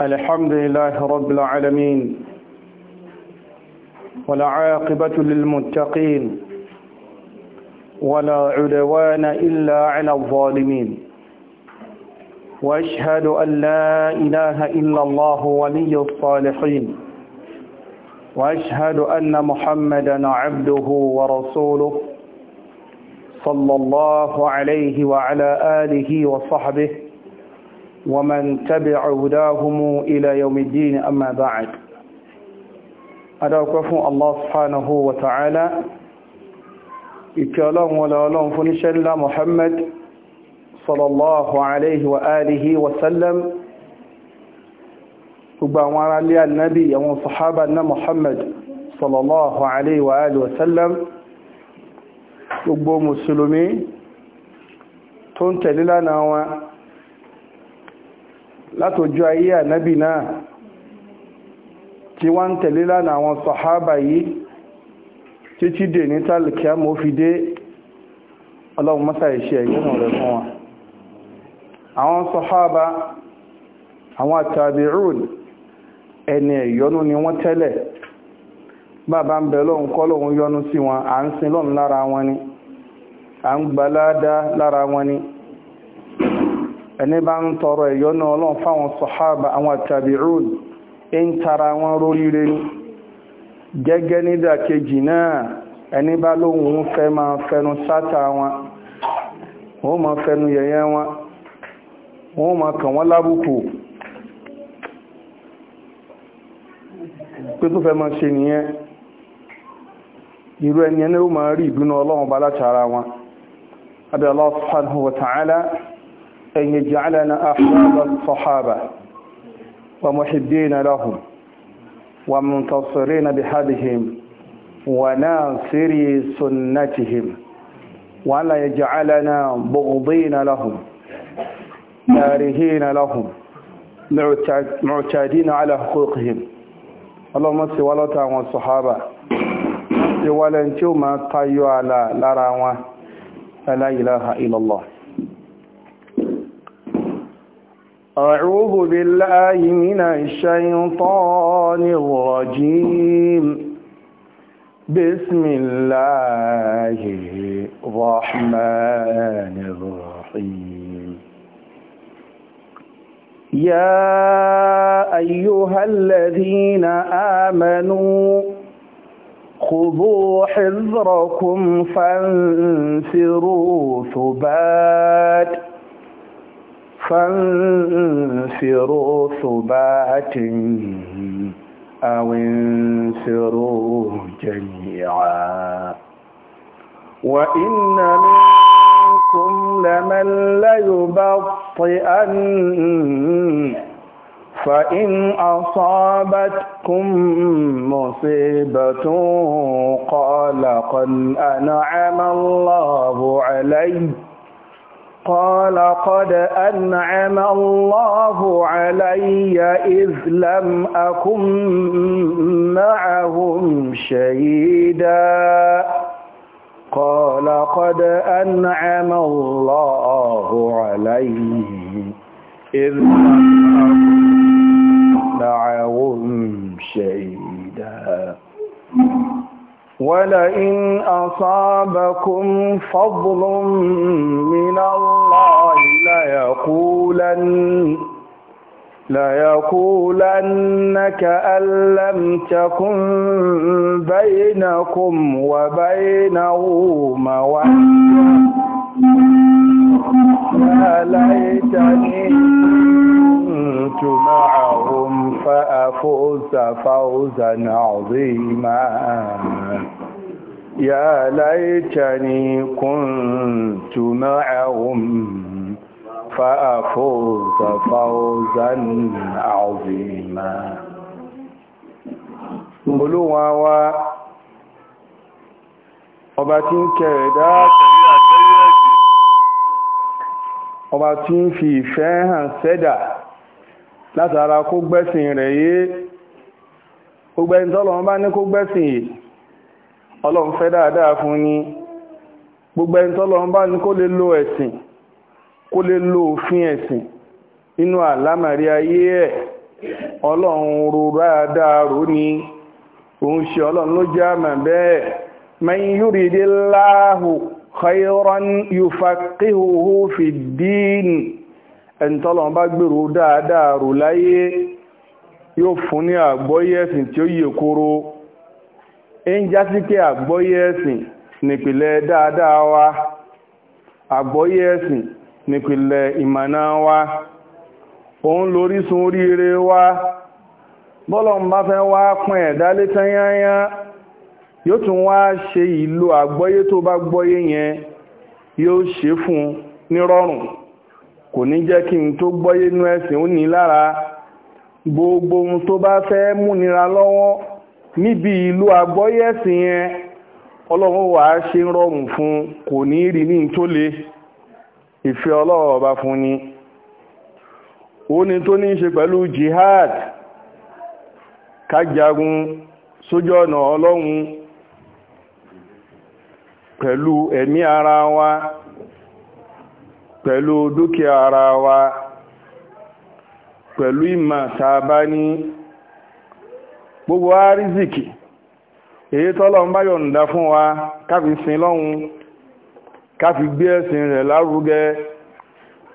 الحمد لله رب العالمين ولا عاقبة للمتقين ولا عدوان إلا على الظالمين وأشهد أن لا إله إلا الله ولي الصالحين وأشهد أن محمدا عبده ورسوله صلى الله عليه وعلى آله وصحبه ومن تبع هداهم إلى يوم الدين أما بعد أدعوكم الله سبحانه وتعالى إكلام ولا لهم فنشل محمد صلى الله عليه وآله وسلم gbogbo alẹ́ annabi àwọn sahaba na muhammad sallallahu alaihi wa alihi wasallam gbogbo musulumi tó ń tẹ̀lé lánàá wọn látòjú ayé ànábì náà tí wọ́n ń tẹ̀lé lánàá àwọn sọ̀hábà yìí títí dè ní tàlùkíá mo fi dé ọlọ́run mọ́sà ìṣẹ́ ìyọ́nà rẹ̀ fún wa àwọn sọ̀hábà àwọn àtàbírùn ẹni ìyọ́nú ni wọ́n tẹ́lẹ̀ bàbá ń bẹ̀ lọ́hun kọ́ lọ́hun yọ́nú sí wọn à ń sin lọ́hun lára wọn ni à ń gbaládá lára wọn ni ẹni bá ń tọrọ ìyọ́nà ọlọ́run fáwọn sọ̀hábà àwọn àtàbíùn ń tara wọn róríire ní gẹ́gẹ́ nídàkejì náà ẹni bá lóhun fẹ́ máa fẹnu sátà wọn wọ́n fẹnu yẹ̀yẹ́ wọn wọ́n máa kàn wọ́n lábùkù pé fẹ́ máa ṣe nìyẹn irú ẹni ẹni ó rí ìbínú ọlọ́run bá látara wọn أن يجعلنا أحباب الصحابة ومحبين لهم ومنتصرين بحبهم وناصري سنتهم ولا يجعلنا بغضين لهم كارهين لهم معتادين على حقوقهم اللهم صل ولا تاوان الصحابة سي ولا انتو تايو على لا إله إلا الله أعوذ بالله من الشيطان الرجيم بسم الله الرحمن الرحيم يا أيها الذين آمنوا خذوا حذركم فانفروا ثبات فانفروا ثبات أو انفروا جميعا وإن منكم لمن ليبطئن فإن أصابتكم مصيبة قال قد أنعم الله عليّ قال قد أنعم الله علي إذ لم أكن معهم شهيدا قال قد أنعم الله علي إذ لم أكن معهم شهيدا ولئن أصابكم فضل من الله ليقولن ليقولنك كأن لم تكن بينكم وبينه مودة يا ليتني كنت معهم فأفوز فوزا عظيما يا ليتني كنت معهم فأفوز فوزا عظيما قلوا و ọba tí ń kẹrẹ̀dá pẹ̀lú àjẹ́rẹ́ ọba tí ń fi ìfẹ́ hàn sẹ́dà látara kó gbẹ́sìn rẹ̀ yé gbogbo ẹni tọ́lọ́run bá ní kó gbẹ́sìn yìí ọlọ́run fẹ́ dáadáa fún ni gbogbo ẹni tọ́lọ́run bá ní kó lè lo ẹ̀sìn kó lè lo òfin ẹ̀sìn nínú àlámàrí ayé ẹ̀ ọlọ́run ro dáadáa ẹnitọ́lọ́wọ́n bá gbèrò dáadáa rò láyé yóò fún ní àgbọ́yé ẹ̀sìn tí ó yè kóró ń já sí pé àgbọ́yé ẹ̀sìn nípìnlẹ̀ dáadáa wa àgbọ́yé ẹ̀sìn nípìnlẹ̀ ìmọ̀nà wa òun lórísun oríire wa bọ́lọ̀n bá fẹ́ wá pín ẹ̀dá létán yányá yóò tún wá ṣe ìlò àgbọ́yé tó bá gbọ́yé yẹn yóò ṣe fún nírọ̀rùn kò ní jẹ́ kí n tó gbọ́yé nú ẹ̀sìn ó ní lára gbogbo ohun tó bá fẹ́ múnira lọ́wọ́ níbi ìlú agbọ́yé ẹ̀sìn yẹn ọlọ́run wà á ṣe rọrùn fún kò ní rí ní tó le ìfẹ́ ọlọ́run ọba fún ni ó ní tó ní í ṣe pẹ̀lú jihad kájagun sójú ọ̀nà ọlọ́run pẹ̀lú ẹ̀mí ara wa pẹ̀lú dúkìá ara wa pẹ̀lú ìmọ̀ tàbá ní gbogbo àrízìkì èyí tọ́lọ ń bá yọ̀ǹda fún wa káfi sin lọ́hun káfi gbé ẹ̀sìn rẹ̀ lárugẹ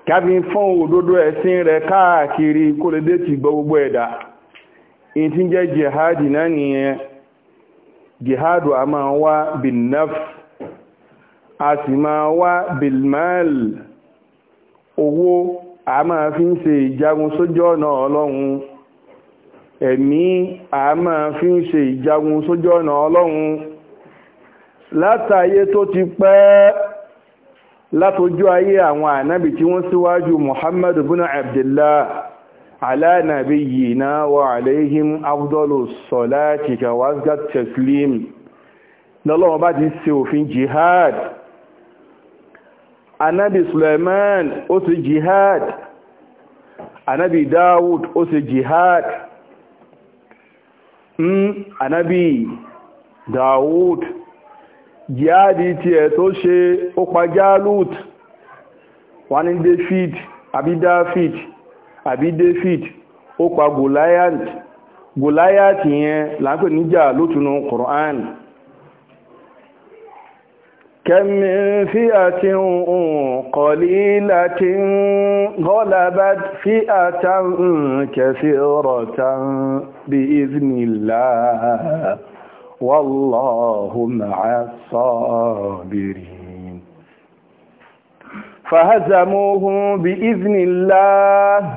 káfi fún òdodo ẹ̀sìn rẹ̀ káàkiri kó lè dé ti gbogbo ẹ̀dá èyí jihadi náà nìyẹn jihadu a máa wá bin a sì máa wá bil owó a máa fi ń ṣe ìjagun sójú ọ̀nà ọlọ́run ẹ̀mí a máa fi ń ṣe ìjagun sójú ọ̀nà ọlọ́run látàyé tó ti pẹ́ látojú ayé àwọn ànábì tí wọ́n síwájú muhammadu bin abdullah ala nabiyyina wa alaihim afdalus salati wa asgat taslim lọ́lọ́wọ́ bá ti ṣe òfin jihad anabi suleiman ó ṣe jihad anabi dawud ó ṣe jihad mm, anabi dawud jihadi tí ẹ̀ tó ṣe ó pa jalut wọ́n ní david àbí david gulayat david ó pa goliath goliath yẹn Qur'an كم من فئة قليلة غلبت فئة كثيرة بإذن الله والله مع الصابرين فهزموهم بإذن الله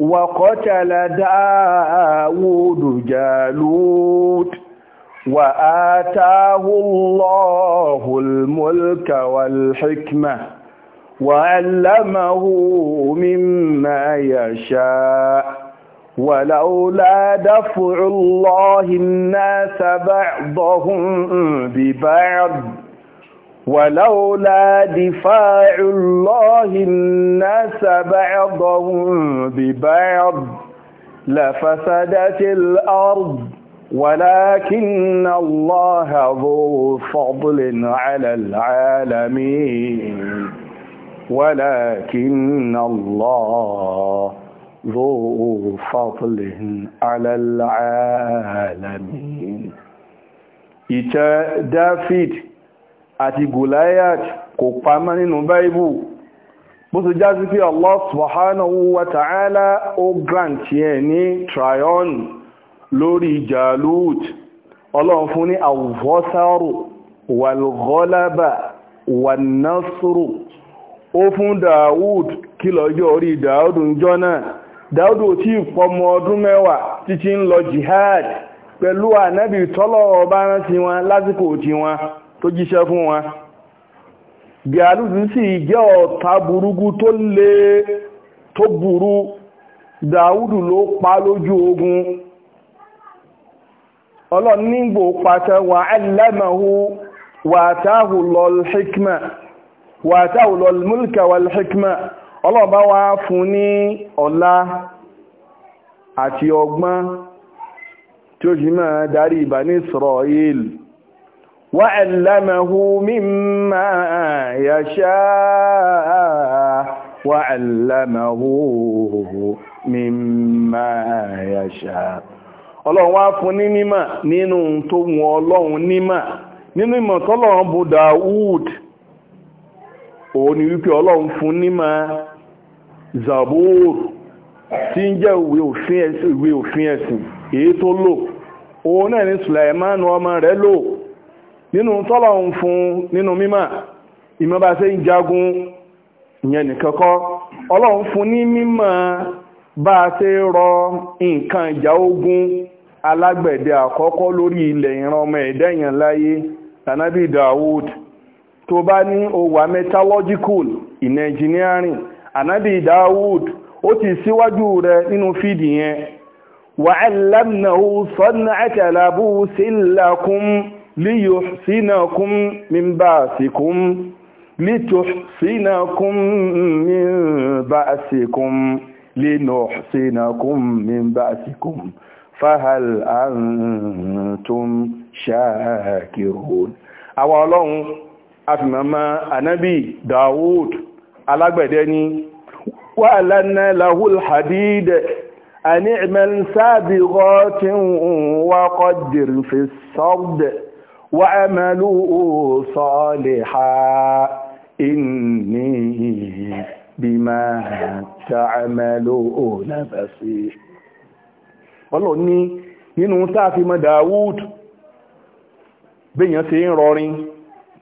وقتل داود جالوت وآتاه الله الملك والحكمة وعلمه مما يشاء ولولا دفع الله الناس بعضهم ببعض ولولا دفاع الله الناس بعضهم ببعض لفسدت الأرض ولكن الله ذو فضل على العالمين ولكن الله ذو فضل على العالمين ìtẹ́ David àti Goliath kò pamọ́ nínú báìbù bó ṣe já sí pé Allah subhanahu wa ta'ala ó grant yẹn ní triumph lórí Jalut ọlọ́run fún ní àwọ̀sáàrù wàlgọ́lábà wànásùrù ó fún Dawud kí lọ́jọ́ orí Dawud ń jọ náà Dawud ò tí pọmọ ọdún mẹ́wàá títí lọ jihad pẹ̀lú ànábì tọ́lọ̀ ọba rántí wọn lásìkò tí wọn tó jíṣẹ́ fún wọn Jalut to le ló pa lójú ogun ọlọ́run nígbò pàṣẹ wà allamahu wà táhù lọ́l mulka wal hikma ọlọ́run bá wá fún ní ọlá àti ọgbọ́n tí ó jí máa darí Bani Israel wà allamahu mimma yasha وعلمه مما يشاء ọlọ́run wá fún ní mímọ̀ nínú tó ọlọ́run nímọ̀ nínú ìmọ̀ tọ́lọ́run bú Dawud òun ni wípé ọlọ́run fún nímọ̀ Zabur tí ń jẹ́ ìwé òfin ẹ̀sìn èyí tó lò òun náà ni Sulaimanu ọmọ lò nínú tọ́lọ́run fún nínú mímọ̀ ìmọ̀ bá ṣe ń jagun ìyẹn ọlọ́run fún ní rọ nǹkan ogun alágbẹ̀dẹ àkọ́kọ́ lórí ilẹ̀ ìran ọmọ ẹ̀dẹ́yàn láyé tànábì Dawud tó bá ní ó wà metallurgical in engineering ànábì Dawud ó ti síwájú rẹ nínú fídì yẹn wà allamnahu san'ata labusin lakum liyuhsinakum min ba'sikum لتحصنكم من بأسكم لنحصنكم من بأسكم فهل أنتم شاكرون أولون أفنما النبي داود على بدني وألن له الحديد أن اعمل سابغات وقدر في الصد وأملوا صالحا إني بما تعملون بصير ọlọ́ ní nínú táàfi mọ́ Dawud béèyàn ń rọrin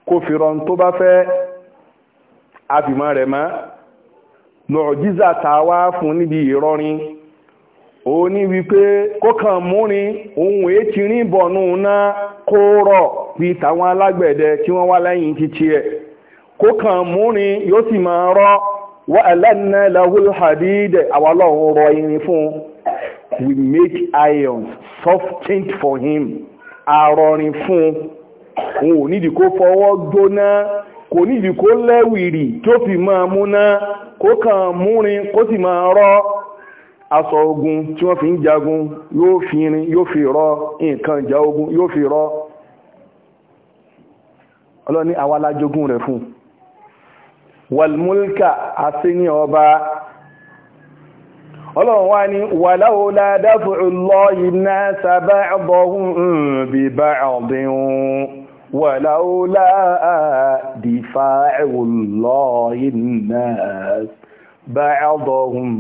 kó fi rọrin tó bá fẹ́ àfìmọ́ rẹ̀ nọ̀jíza fún níbi ìrọrin o ní wípé kókàn múrin ohun èétí rí bọ̀nù náà kó rọ̀ bí tàwọn alágbẹ̀dẹ tí wọ́n wá lẹ́yìn títí ẹ̀ kókàn múrin yóò sì máa wọ́n ẹ̀lẹ́nà àwọn ọlọ́run rọ irin fún we make irons softened for him arọrin fún un òun ò nídìí kó fọwọ́ gbóná kò nídìí kó lẹ́wìrì tó fi máa múná kó kàn múrin kó sì máa rọ́ aṣọ ogun tí wọ́n fi ń jagun yóò fi rin yóò fi rọ́ nǹkan ìjà ogun yóò fi rọ́ ọlọ́ni àwa la jogún rẹ̀ fún un wàlmúlkà àti ní ọba ọlọ́run wá ní wàláwọ́lá dáfù lọ́yìn náà sábà bọ́hún bí bá ọ̀dìn wàláwọ́lá dìfà lọ́yìn náà bá ọ̀dọ̀hún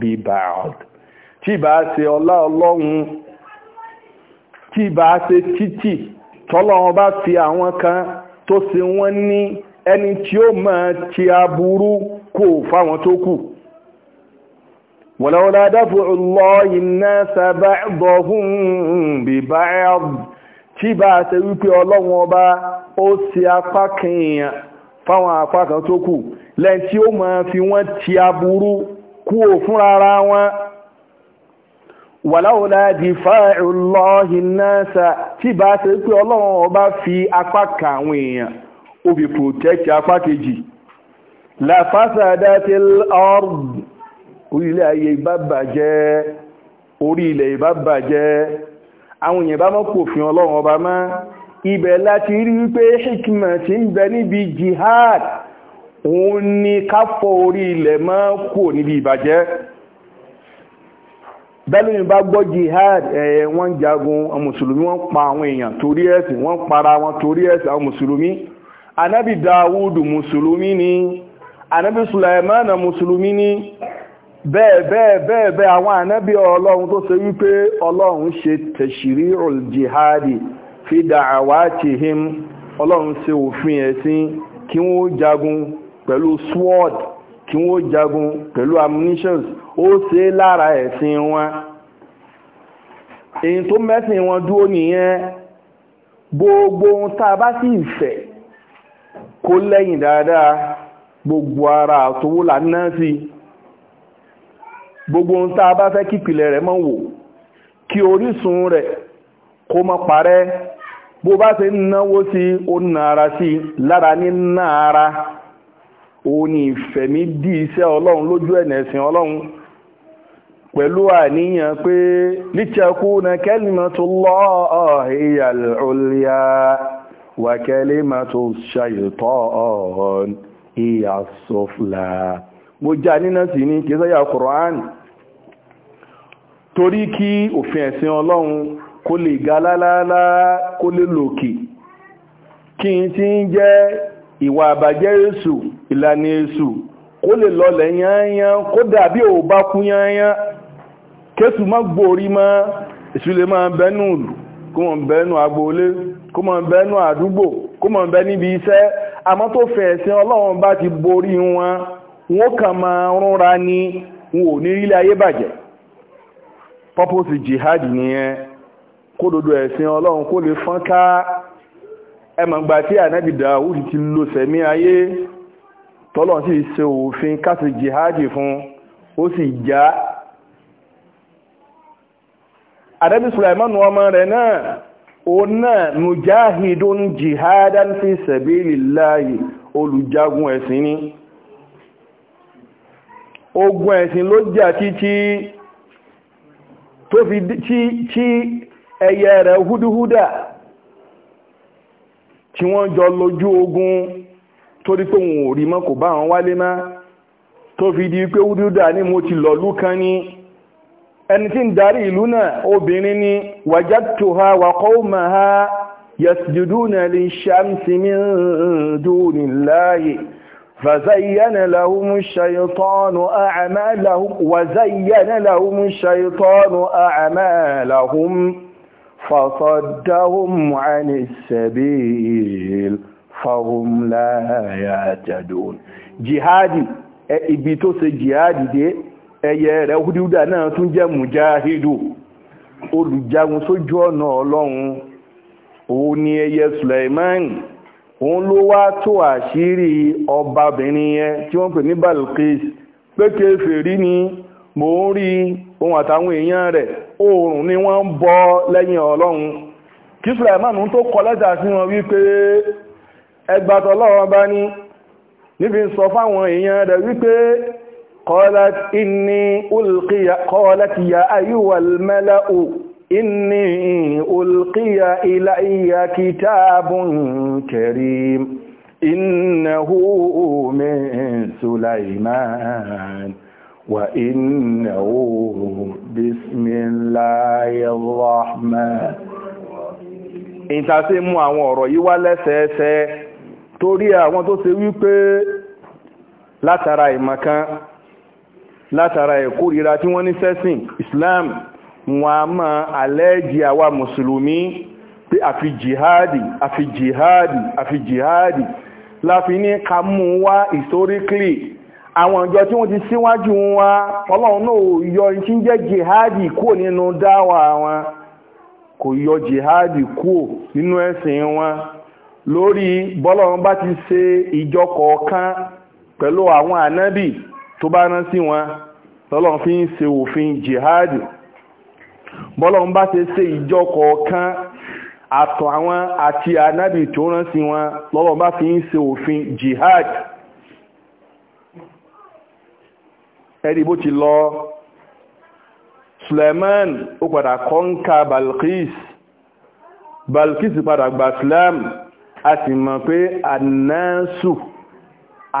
bí bá ọ̀dìn tí bá ṣe ọlá ọlọ́run títì tọ́lọ́run bá fi àwọn kan tó ṣe wọ́n ní ẹni tí ó máa ti aburú kò fáwọn tó kù ولولا دفع الله الناس بعضهم ببعض tí bá a ṣe wípé ọlọ́run ọba ó ti apá kìnyàn fáwọn apá kan tó kù lẹ́yìn tí ó máa fi wọ́n ti aburú kúrò fúnra ara wọn wàláwòlá dìfáàrù lọ́hìn náà sà tí bá a ṣe wípé ọlọ́run ọba fi apá kan àwọn èèyàn ó fi protect apá kejì làfásàdá ti ọ̀rùn orílẹ̀ ayé ibá bàjẹ́ orí ilẹ̀ ibá bàjẹ́ àwọn èèyàn bá mọ́pò fi ọlọ́run ọba mọ́ ibẹ̀ láti rí wípé hikima ti ń bẹ níbi jihad òun ni káfọ́ orí ilẹ̀ mọ́ kò níbi ìbàjẹ́ bẹ́lúmi bá gbọ́ jihad ẹ̀ẹ́ wọ́n jagun àwọn mùsùlùmí wọ́n pa àwọn èèyàn torí ẹ̀sìn wọ́n para wọn torí ẹ̀sìn àwọn mùsùlùmí anabi dawudu mùsùlùmí ni anabi sulaimana mùsùlùmí ni bẹ́ẹ̀ bẹ́ẹ̀ bẹ́ẹ̀ bẹ́ẹ̀ àwọn ànábì ọlọ́run tó ṣe wípé ọlọ́run ṣe tashri'ul jihadi fi da'awatihim ọlọ́run ṣe òfin ẹ̀sìn kí wọ́n jagun pẹ̀lú sword kí wọ́n jagun pẹ̀lú ammunitions ó ṣe lára ẹ̀sìn wọn èyí tó mẹ́sìn wọn dúró nìyẹn gbogbo ohun tá a bá sì fẹ́ kó lẹ́yìn dáadáa gbogbo ara àtòwò là ń ná sí i gbogbo ohun tá a bá fẹ́ kí ìpìlẹ̀ rẹ̀ mọ́ wò kí orísun rẹ̀ kó má parẹ́ bó bá ṣe ń náwó sí ó na ara sí lára ní ná ara òun ni ìfẹ̀mí dí iṣẹ́ ọlọ́run lójú ẹ̀nà ẹ̀sìn ọlọ́run pẹ̀lú àníyàn pé litakuna kalimatullahi al-ulya wa kalimatu shaytan hiya as-sufla mo já nínà sí ní kí sẹ́yà Kùránì torí kí òfin ẹ̀sìn ọlọ́run kó lè ga lálálá kó lè lòkè kí n ti ń jẹ́ ìwà àbàjẹ́ èṣù ìlànà èṣù kó lè lọlẹ̀ yányán kó dàbí ò bá kú yányán kéṣù má gbòórí mọ́ èṣù lè máa bẹ́nu ìlú kó mọ̀ bẹ́nu agboolé kó mọ̀ bẹ́nu àdúgbò kó mọ̀ bẹ́ níbi iṣẹ́ àmọ́ tó fẹ̀ ẹ̀sìn ọlọ́run bá ti borí wọn wọn kàn máa rúnra ni wọn ò ní rí ayé bàjẹ́ pọ́pọ́sì jihad nìyẹn kó dodo ẹ̀sìn ọlọ́run kó lè fọ́n ká ẹmọ̀gbà tí ànábì Dáúdù ti lo sẹ̀mí ayé tọ́lọ̀ sì ṣe òfin káṣí jihad fún ó sì já ànábì Sùlàímánù ọmọ rẹ̀ náà òun náà mujahidun jihadan fi sabilillahi olùjagun ẹ̀sìn ni ogun ẹ̀sìn ló jà títí tó fi tí ẹyẹ rẹ̀ húdúhúdà tí wọ́n jọ lójú ogun torí pé òun ò rí mọ́ kò bá wọn wálé má tó fi di pé húdúhúdà ní mo ti lọ̀lú kan ní ẹni tí ń darí ìlú náà obìnrin ni wajadtuha wa qawmaha yasjuduna lishamsi min dunillahi فزين لهم الشيطان أعمالهم وزين لهم الشيطان أعمالهم فصدهم عن السبيل فهم لا يهتدون jihadi ibi tó ṣe jihadi dé ẹyẹ rẹ̀ húdíhúdà náà tún jẹ́ mujahidu olùjagun sójú ọ̀nà ọlọ́run òun ni ẹyẹ Suleiman òun ló wá tó àṣírí ọbabìnrin yẹn tí wọ́n pè ní Balqis pé kèfèrí ni mò ń rí ohun àtàwọn èèyàn rẹ̀ oòrùn ni wọ́n ń bọ lẹ́yìn ọlọ́run kí Sùlàìmánù tó kọ lẹ́tà sí wọn wípé ẹgbàtọ̀ lọ́wọ́ bá ní níbi sọ fáwọn èèyàn rẹ̀ wípé qalat inni ulqiya qalat ya ayyuhal mala'u إني ألقي إلي كتاب كريم إنه من سليمان وإنه بسم الله الرحمن mú àwọn ọ̀rọ̀ yìí lẹ́sẹẹsẹ torí àwọn tó ṣe wípé látara ìmọ̀kan látara ìkórìíra tí wọ́n ní sẹ́sìn Islam wọn a máa àlẹ́jì àwa mùsùlùmí pé àfi jihadi àfi jihadi àfi jihadi láfi ní ká mú wá historically àwọn ìjọ tí wọ́n ti síwájú wa ọlọ́run náà yọ tí jẹ́ jihadi kúrò nínú dáwà wọn kò yọ jihadi kúrò nínú ẹ̀sìn wọn lórí bọ́lọ́run bá ti ṣe ìjọ kọ̀ọ̀kan pẹ̀lú àwọn ànábì tó bá rán sí wọn lọ́lọ́run fi ń ṣe òfin jihadi bọ́lọ́run bá ṣe ṣe ìjọ kọ̀ọ̀kan àtọ̀ àwọn àti ànábì tó wọn lọ́lọ́run bá fi ń ṣe òfin jihad ẹ̀rí bó ti lọ Suleiman ó padà kọ́ńkà Balqis Balqis padà gba Islam a sì mọ̀ pé mo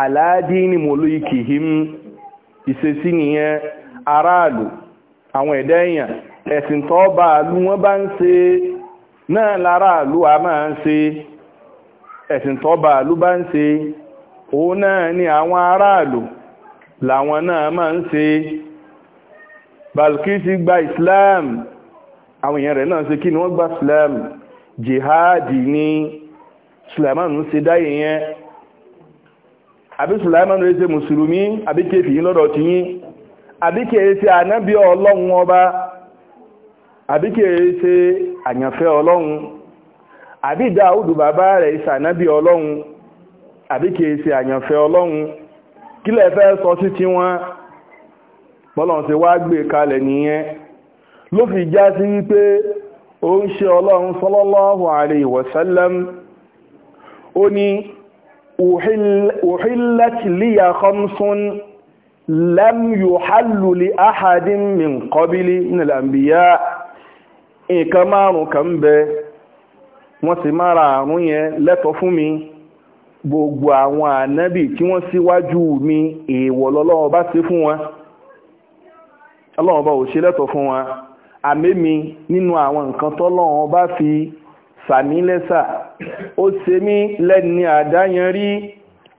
aládìní mọ̀lúkìhìm ìṣesí nìyẹn aráàlú àwọn ẹ̀dá ẹ̀sìn tó àlú wọn bá ń se náà lára àlú a máa ń se ẹ̀sìn tó náà ni àwọn aráàlú làwọn náà máa ń ṣe balkisi gba islam àwọn èèyàn rẹ̀ náà ṣe kí ni wọ́n gba islam jihadi ni sulaimanu ń dáyé yẹn àbí sulaimanu rẹ̀ ṣe mùsùlùmí àbí kéfì yín lọ́dọ̀ tí àbí kì í ṣe àyànfẹ́ ọlọ́run àbí dáúdù bàbá rẹ̀ ìṣànábì ọlọ́run àbí kì í ṣe àyànfẹ́ ọlọ́run kí lẹ fẹ́ sọ sí tí wọ́n bọ́lọ̀ ṣe wá gbé kalẹ̀ nìyẹn ló fi já sí wípé ó ń ṣe ọlọ́run sallallahu alayhi wa ó ní uhillat liya khamsun lam yuhallu li ahadin min nǹkan márùn-ún kan ń bẹ wọ́n sì mára àrùn yẹn lẹ́tọ̀ọ́ fún mi gbogbo àwọn ànábì tí wọ́n síwájú mi èèwọ̀ lọ́lọ́wọ́ bá ṣe fún wọn ọlọ́wọ́ bá ò ṣe lẹ́tọ̀ọ́ fún wọn àmẹ́mi nínú àwọn nǹkan tọ́lọ́wọ́ bá fi sàmí lẹ́sà ó ṣe mí lẹ́ni àdáyanrí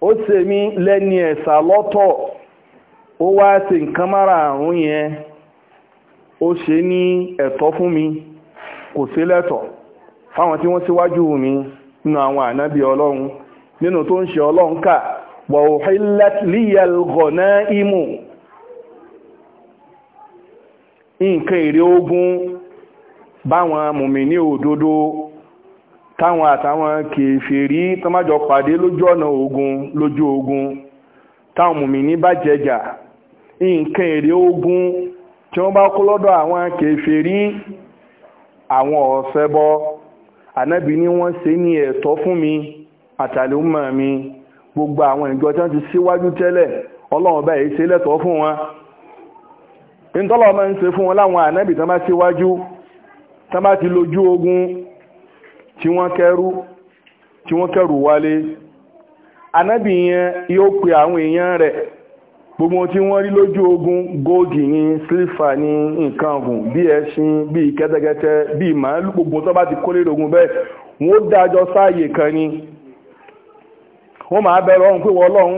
ó ṣe mí lẹ́ni ẹ̀sà lọ́tọ̀ ó wá ṣe nǹkan yẹn ó ṣe ní ẹ̀tọ́ fún mi. kò sí lẹ́tọ̀ fáwọn tí wọ́n síwájú mi nínú àwọn ànábì ọlọ́run nínú tó ń ṣe ọlọ́run kà wa uhillat liyal ghana'imu nǹkan èrè ogun báwọn ní òdodo táwọn àtàwọn kèfèrí tọ́májọ pàdé lójú ọ̀nà ogun lójú ogun táwọn mùmìnì ní bàjẹ́jà nǹkan èrè ogun tí wọ́n bá kó lọ́dọ̀ àwọn kèfèrí àwọn ọ̀sẹ̀ bọ́ ànábì ni wọ́n ṣe ní ẹ̀tọ́ fún mi àtàlùmọ̀ mi gbogbo àwọn ìjọ tí wọ́n ti síwájú tẹ́lẹ̀ ọlọ́run bá yìí ṣe lẹ́tọ́ fún wọn ìtọ́lọ́ máa ń ṣe fún wọn láwọn ànábì tán bá síwájú tán bá ti lójú ogun tí wọ́n kẹrù tí wọ́n kẹrù wálé ànábì yẹn yóò pe àwọn èèyàn rẹ̀ gbogbo tí wọ́n rí lójú ogun góògì ní sílífà ní nǹkan ọ̀gùn bí ẹṣin bí kẹ́tẹ́kẹ́tẹ́ bí màálù gbogbo tó bá ti kólé ogun bẹ́ẹ̀ wọ́n dájọ́ sáàyè kan ni wọ́n máa bẹ̀rẹ̀ ọ̀hún pé wọ́n lọ́hún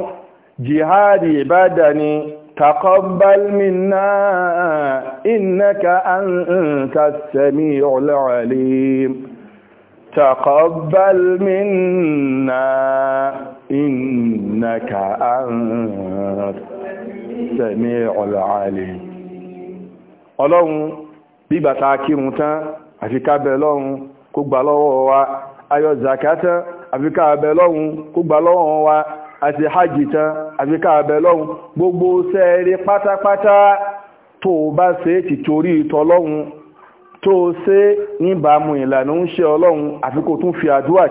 jihadi ìbádà ni taqabbal minna innaka anta as-sami'ul 'alim taqabbal minna Sami'ul Alim ọlọ́run bígbà kírun tán àfi ká lọ́run kó gbà lọ́wọ́ wa ayọ̀ zakata àfi ká lọ́run kó gbà lọ́wọ́ wa àti hajj tán àfi ká lọ́run gbogbo sẹ́ẹ̀rí pátápátá tó bá ṣe ti torí ìtọ́lọ́run tó ṣe níbàámu ìlànà ń ṣe ọlọ́run àfi kó tún fi àdúrà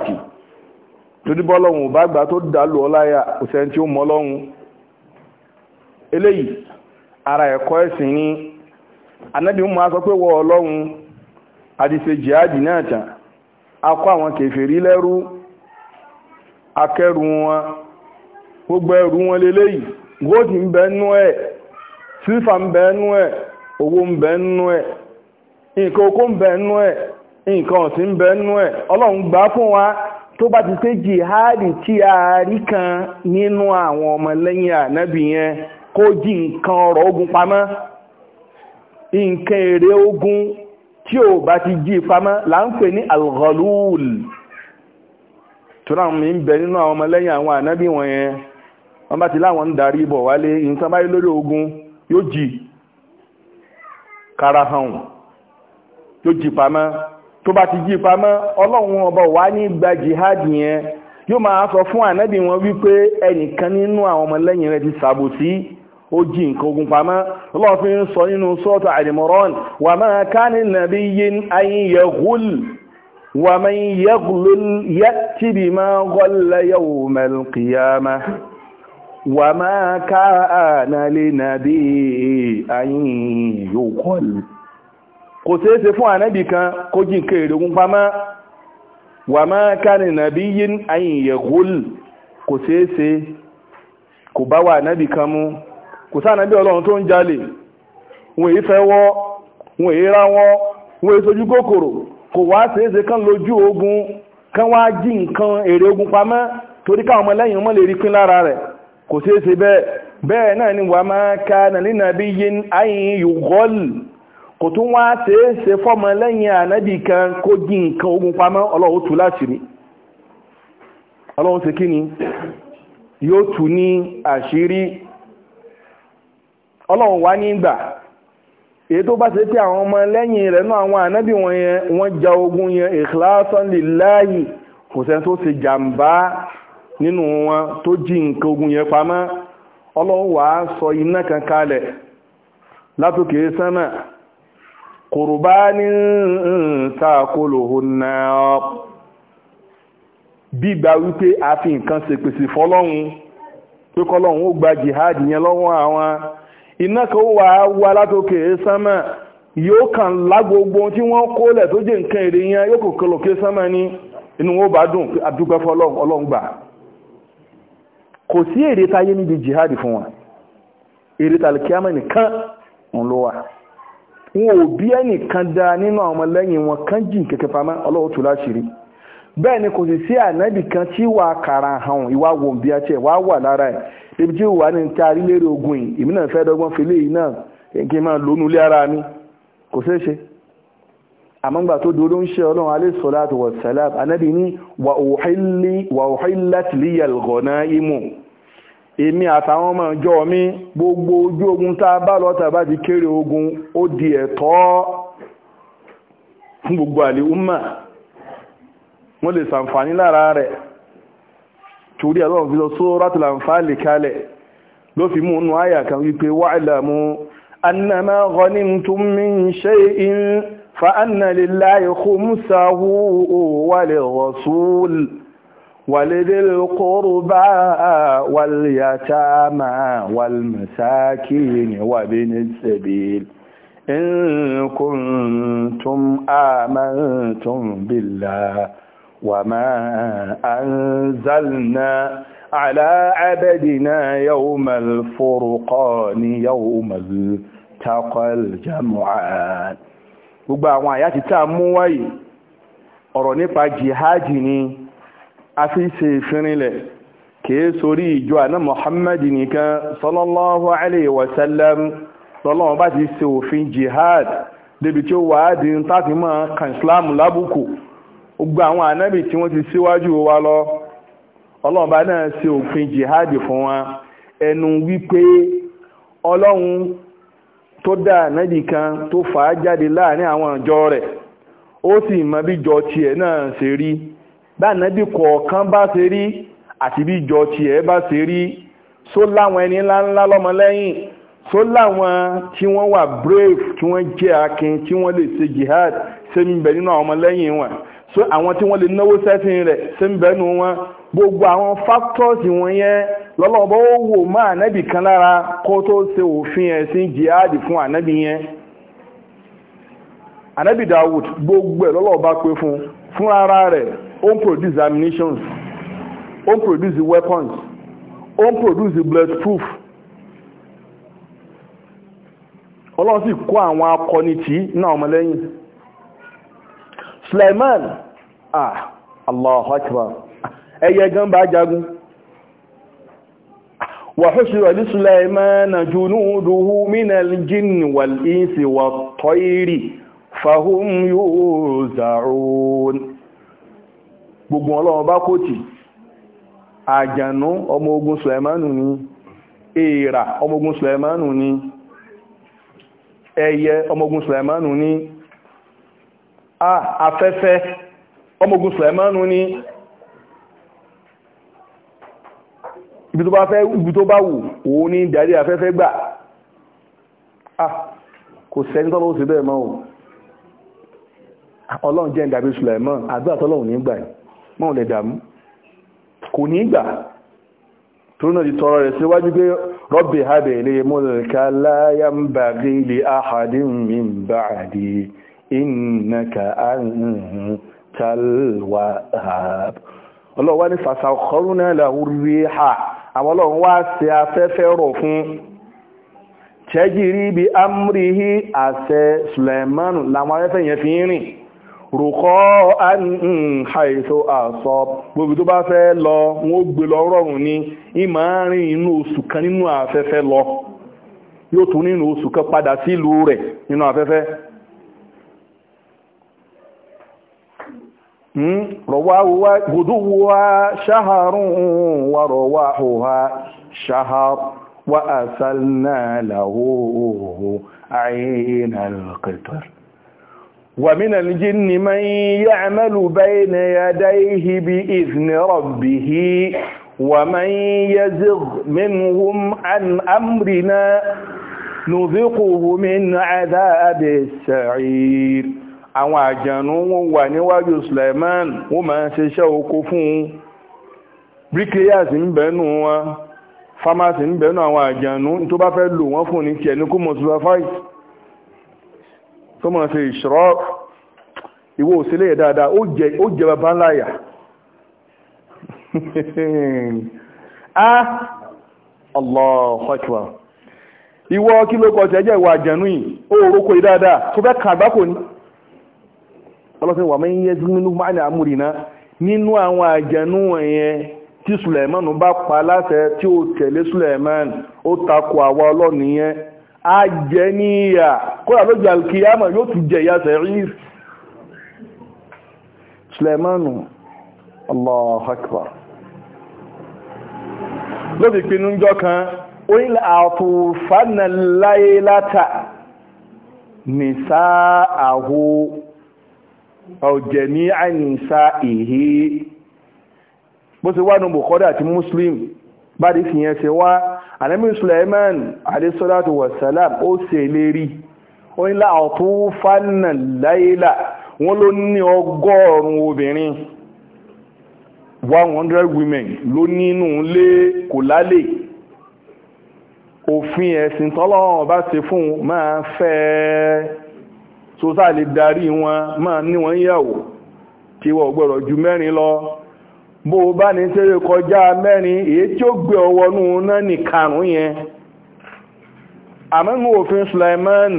torí bọ́lọ́run ò bá gbà tó dàlú ọláyà òṣèǹtì ó mọ́ ọlọ́run eléyìí ara ẹ̀kọ́ ẹ̀sìn ni anábì mú a sọ pé wọ ọlọ́run àdìsẹ jihadi náà tàn a àwọn kèfèrí lẹ́rú akẹrù wọn gbogbo ẹrù wọn leléyìí góòtì ń bẹ nú ẹ, sífà ń bẹ nú ẹ, owó ń bẹ oko ń bẹ nú nǹkan ọ̀sìn ń bẹ nú ọlọ́run wa tó bá ti ṣe jihadi tí a rí kan nínú àwọn kó jí nǹkan ọ̀rọ̀ ogun pamọ́ nǹkan èrè ogun tí ò bá ti jí pamọ́ là ń pè ní alghalul tura mi ń bẹ nínú àwọn ọmọlẹ́yìn àwọn ànábì wọn yẹn wọ́n bá ti láwọn ń darí bọ̀ wálé nǹkan báyìí lórí ogun yóò jí kára yóò jí pamọ́ tó bá ti jí pamọ́ ọlọ́run ọba wà ní gba jihad yẹn yóò máa sọ fún ànábì wọn wípé ẹnìkan nínú àwọn ọmọlẹ́yìn rẹ ti ṣàbòsí ó jí nǹkan ogun pamọ́ lọ́fin sọ nínú sọ́tọ̀ àdìmọ̀rán wà máa ká ní nàbí yín ayín yẹ̀húl wà máa yẹ̀húl yẹ́ tìbí máa gọ́lẹ̀ yẹ̀wò mẹ́lùkìyàmá wà máa ká ànàlé nàbí ayín yòókọ́l kò ṣeéṣe fún ànábì kan kó jí nǹkan èrè ogun pamọ́ wà máa ká ní nàbí yín ayín yẹ̀húl kò ṣeéṣe kò bá wà ànábì kan mú kò sáà nàbí ọlọ́run tó ń jalè wọn èyí fẹ́ wọ́ wọn èyí ra wọn wọn èyí sojú kòkòrò kò wá ṣeéṣe kán lójú ogun kán wá jí nǹkan èrè ogun pamọ́ torí káwọn ọmọ lẹ́yìn ọmọ lè rí pín lára rẹ̀ kò ṣeéṣe bẹ́ẹ̀ bẹ́ẹ̀ náà ni wàá máa ka nàlínà bí yin ayin yugol kò tún wá ṣeéṣe fọ́mọ lẹ́yìn ànábì kan kó jí nǹkan ogun pamọ́ ọlọ́run tú láṣìírí ọlọ́run ṣe kí ni yóò tú ní àṣírí ọlọ́run wá ní gbà èyí tó bá ṣe tí àwọn ọmọ lẹ́yìn rẹ̀ náà àwọn ànábì wọn yẹn wọ́n ja ogun yẹn ikhlasan lillahi kò sẹ́ni tó ṣe jàǹbá nínú wọn tó jí nǹkan ogun yẹn pamọ́ ọlọ́run wá sọ iná kan kalẹ̀ látòkè sánà qurbanin ta'kuluhu an-nar gbígba wípé a fi nǹkan ṣèpèsè fọlọ́run pé kọ́lọ́run ó gba jihad yẹn lọ́wọ́ àwọn iná kan wà á látòkè sánmà yóò kàn lágbogbo tí wọ́n kó lẹ̀ tó jẹ́ nǹkan èrè yẹn yóò kò kọlọ̀kẹ́ sánmà ní inú wọn bá dùn kò sí èrè táyé níbi jihad fún wa èrè nìkan ń lọ wa wọn ò bí ẹnìkan da nínú àwọn ọmọlẹ́yìn wọn kan jìn kẹ̀kẹ́ pamọ́ ọlọ́wọ́ tó láṣìírí ni kò sì sí kan tí wàá kàrà hàn ìwà wọ̀nbíà wà lára ibi tí ìwà ni ta rí lérè ogun yìí èmi náà fẹ́ dọ́gbọ́n fi léyìí náà kí n máa lónú lé ara mi kò ṣeé ṣe àmọ́ gbà tó dodo ń ṣe ọlọ́run alayhi salatu wassalam anábì ní wà uhillat liya al-ghanaimu èmi àtàwọn ọmọ ìjọ mi gbogbo ojú ogun tá a bá lọ tàbá ti kéré ogun ó di ẹ̀tọ́ fún gbogbo àlè umma wọ́n lè ṣàǹfààní lára rẹ̀ torí ọlọ́run fi lọ suratul Anfal kalẹ̀ ló fi mú inú àyà kan wípé wa'lamu annama ghanimtum min shay'in fa anna lillahi khumsahu wa lirrasul ولذي القربى واليتامى والمساكين وابن السبيل إن كنتم آمنتم بالله وما أنزلنا على عبدنا يوم الفرقان يوم التقى الجمعان gbogbo àwọn àyá ti tá mú wáyé ọ̀rọ̀ nípa jihadi ni a fi ṣe ìfinrinlẹ̀ kìí sórí ìjọ àná Muhammad nìkan sallallahu alaihi wasallam lọ́lọ́wọ́n bá ti ṣe òfin jihad débi tí ó wà á di tàbí mọ́ kan Islam lábùkù gbogbo àwọn ànábì tí wọ́n ti síwájú wa lọ ọlọ́run bá náà ṣe òfin jihad fún wa ẹnu wípé ọlọ́run tó dá ànábì kan tó fà á jáde láàrin àwọn ìjọ rẹ̀ ó sì mọ bíjọ tiẹ̀ náà ṣe rí bá ànábì kọ̀ọ̀kan bá ṣe rí àti bíjọ tiẹ̀ bá ṣe rí só láwọn ẹni ńláńlá lọ́mọlẹ́yìn só láwọn tí wọ́n wà brave tí wọ́n jẹ́ akin tí wọ́n lè ṣe jihad ṣe ń bẹ nínú àwọn ọmọlẹ́yìn wọn so àwọn tí wọ́n lè náwó sẹ́sìn rẹ̀ tí ń bẹ́nu wọn gbogbo àwọn factors wọn yẹn lọ́lọ́bọ́ ó wò má ànábì kan lára kó tó ṣe òfin ẹ̀sìn jihadi fún ànábì yẹn ànábì Dawud gbogbo ẹ̀ lọ́lọ́bá pé fún fún ara rẹ̀ ó ń produce ammunitions ó ń produce weapons ó ń produce bulletproof ọlọ́run sì kó àwọn akọni tì í náà ọmọlẹ́yìn. Suleiman ah Allahu akbar ẹyẹ gan bá jagun wa hushira li Suleiman junuduhu min al-jinn wal-insi wat-tayri fahum yuzaun gbogbo Ọlọ́run bá kòtì ọmọ ogun Suleimanu ni era ọmọ ogun Suleimanu ni ẹyẹ ọmọ ogun Suleimanu ni afẹ́fẹ́ ọmọogun sùlẹ̀mánu ní ibi tó bá fẹ́ ibi tó bá wù òun ní darí afẹ́fẹ́ gbà kò sẹ́ni tọ́lọ́wọ́ sí bẹ́ẹ̀ mọ́ ọlọ́run jẹ́ ìdàbí sùlẹ̀mán àdúrà tọ́lọ́run ní gbà mọ́ lè dàmú kò ní gbà tó náà di tọrọ rẹ̀ síwájú pé rọ́bì hábẹ̀ ilé mọ́lẹ̀ká láyá ń bàgí lè áhàdín min ba'di innaka antal wahhab ọlọ́wọ́ ní fasakharna lahu riha àwọn ọlọ́run wá ṣe afẹ́fẹ́ rọ̀ fún tẹ́jìrí bí amúrihí àṣẹ sùlẹ̀mánù làwọn afẹ́fẹ́ yẹn fi ń rìn rùkọ́ àìsò àṣọ gbogbo tó bá fẹ́ lọ wọ́n gbé lọ rọrùn ní ìmọ̀ rìn inú oṣù kan nínú afẹ́fẹ́ lọ yóò tún nínú oṣù kan padà sílùú rẹ̀ nínú afẹ́fẹ́ رواهها غدوها شهر ورواحها شهر وأسلنا له عين القطر ومن الجن من يعمل بين يديه بإذن ربه ومن يزغ منهم عن أمرنا نذقه من عذاب السعير àwọn àjànú wọn wà níwájú Suleiman wọ́n máa ń iṣẹ́ oko fún un bricklayers wọn pharmacy ń bẹ̀ẹ́nu àwọn àjànú tó bá fẹ́ lò wọ́n fún ní tiẹ̀ ní kó mọ̀ supervise ah! tó mọ̀ sí ọlọ́sìn wà máa ń yẹ́ nínú máàlì àmúrìnà nínú àwọn àjẹnú ẹ̀yẹn tí sùlẹ̀mánù bá pa láṣẹ tí ó tẹ̀lé sùlẹ̀mánù ó takò àwa ọlọ́nìyẹn á jẹ níyà kódà lójú alkiyama yóò tún jẹ ìyà sẹ́ríìr sùlẹ̀mánù Allahu akbar pinnu jọ kan oyin àtúfánà láyé látà nìsáàhó ọ̀jẹ̀mí àìníṣà èhé bó ṣe wá ní bukhari àti muslim bá di fìyẹn ṣe wá anami suleiman alayhisalatu wasalam ó ṣe lérí ó ní láàtú fánà láìlà wọ́n ló ní ọgọ́rùn-ún obìnrin 100 women ló nínú lé kò lálè òfin ẹ̀sìn tọ́lọ́run bá ṣe fún máa fẹ́ so sáà lè darí wọn máa ní wọn yàwó tí wọ́n gbọ́rọ̀ ju mẹ́rin lọ bó bá ní tẹ́rẹ kọjá mẹ́rin èyí tí ó gbé ọwọ́ núna ní karùn yẹn àmọ́nú òfin Suleiman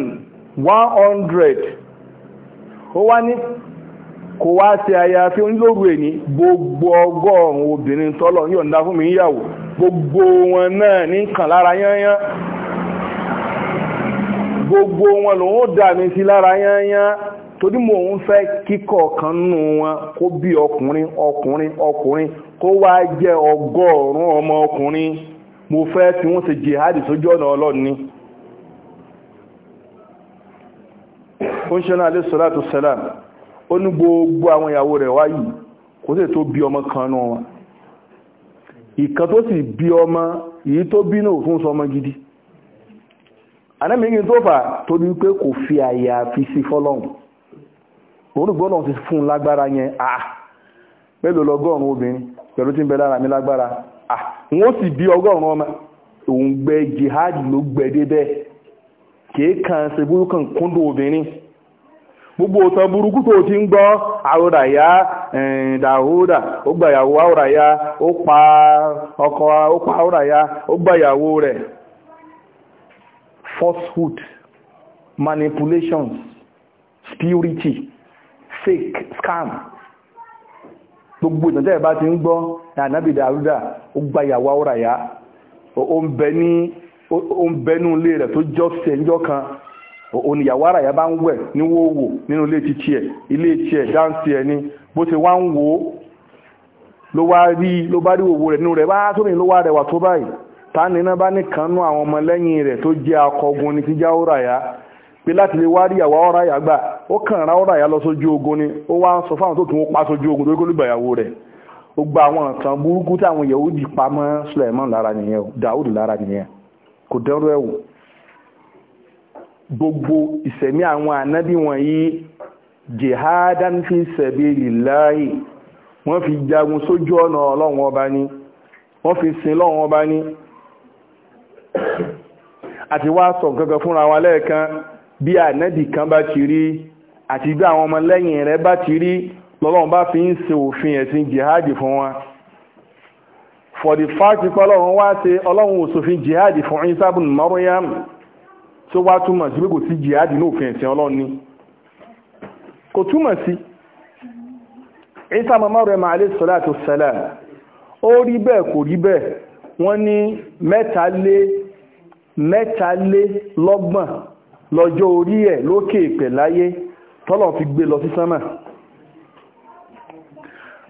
100 ó wá ní kò wá sí aya tí ó ń lóru èní gbogbo ọgọ́rùn-ún obìnrin tọ́lọ̀ yọ̀ǹda fún mi yàwó gbogbo wọn náà ní kàn lára yányán gbogbo wọn lòun dà mí sí lára yányán torí mò ń fẹ́ kíkọ̀ kan nù wọn kó bí ọkùnrin ọkùnrin ọkùnrin kó wá jẹ́ ọgọ́rùn-ún ọmọ ọkùnrin mo fẹ́ tí wọ́n ti jihadi sójú ọ̀nà ni ó ní gbogbo àwọn ìyàwó rẹ̀ wáyìí tó bí ọmọ kan náà wọn ìkan tó sì bí ọmọ tó sọmọ gidi ànámìíní tó fà torí pé kò fi àyà fi sí fọ́lọ́hùn orúgbọ́n náà ti fún un lágbára yẹn ah mélòó lọ́gọ́rùn-ún obìnrin pẹ̀lú tí ń bẹ lára mi lágbára ọgọ́rùn-ún ọmọ òun gbẹ jihad ló gbẹ débẹ̀ kìí ṣe burúkú kúndùn obìnrin gbogbo burúkú tó ti ọkọ ó pa falsehood manipulations spurity fake scam gbogbo ìtànjẹ́ ìbá ti ń gbọ́ ànábì Dáúdà ó gba ìyàwó àwòrà yá ó ń bẹ ní ó ń bẹ nínú ilé rẹ̀ tó jọ́ sẹ́ńjọ́ kan òun ìyàwó ara ìyá bá ń wẹ̀ níwòwò nínú ilé ti tiẹ̀ ilé tiẹ̀ dáńtì ẹ̀ ni bó ṣe wá ń wò ó ló wá rí ló bá rí òwò rẹ̀ nínú rẹ̀ bá tó ní ló wá rẹwà tó báyìí tánínà bá ní kanú àwọn ọmọlẹ́yìn rẹ̀ tó jẹ́ akọgun ní tíjà ó ráyà pé láti lè wá rí àwa ọ̀ráyà gbà ó kàn ra ọ̀ráyà lọ sójú ogun ni ó wá ń sọ fáwọn tó kì í pa sójú ogun torí kó ló gbàyàwó rẹ̀ ó gba àwọn nǹkan burúkú táwọn Yahudi pa mọ́ Suleiman lára nìyẹn Daoud lára nìyẹn kò dẹ́rù ẹ̀ wò gbogbo ìsẹ̀mí àwọn ànábì wọ̀nyí jihadan fi sabilillahi wọ́n fi jagun sójú ọ̀nà ọlọ́run ọba ni wọ́n fi sin ọlọ́run ọba ni àti wá sọ gangan fúnra wa lẹ́ẹ̀kan bí ànẹ́bì kan bá ti rí àti bí àwọn ọmọ lẹ́yìn rẹ̀ bá ti rí lọ́lọ́run bá fi ń ṣe òfin ẹ̀sìn jihadi fún wa for the fact pé ọlọ́run wá ṣe ọlọ́run òṣòfin jihadi fún Isa ibn Maryam tó wá túmọ̀ sí pé kò sí jihadi ní òfin ẹ̀sìn ọlọ́run ni kò túmọ̀ sí Isa ibn Maryam alayhi salatu wassalam ó rí bẹ́ẹ̀ kò rí bẹ́ẹ̀ wọ́n ní mẹ́talé mẹ́talé lọ́gbọ̀n lọ́jọ́ orí ẹ̀ lókè ìpẹ̀ láyé tọ́lọ̀ fi gbé lọ sí sánmà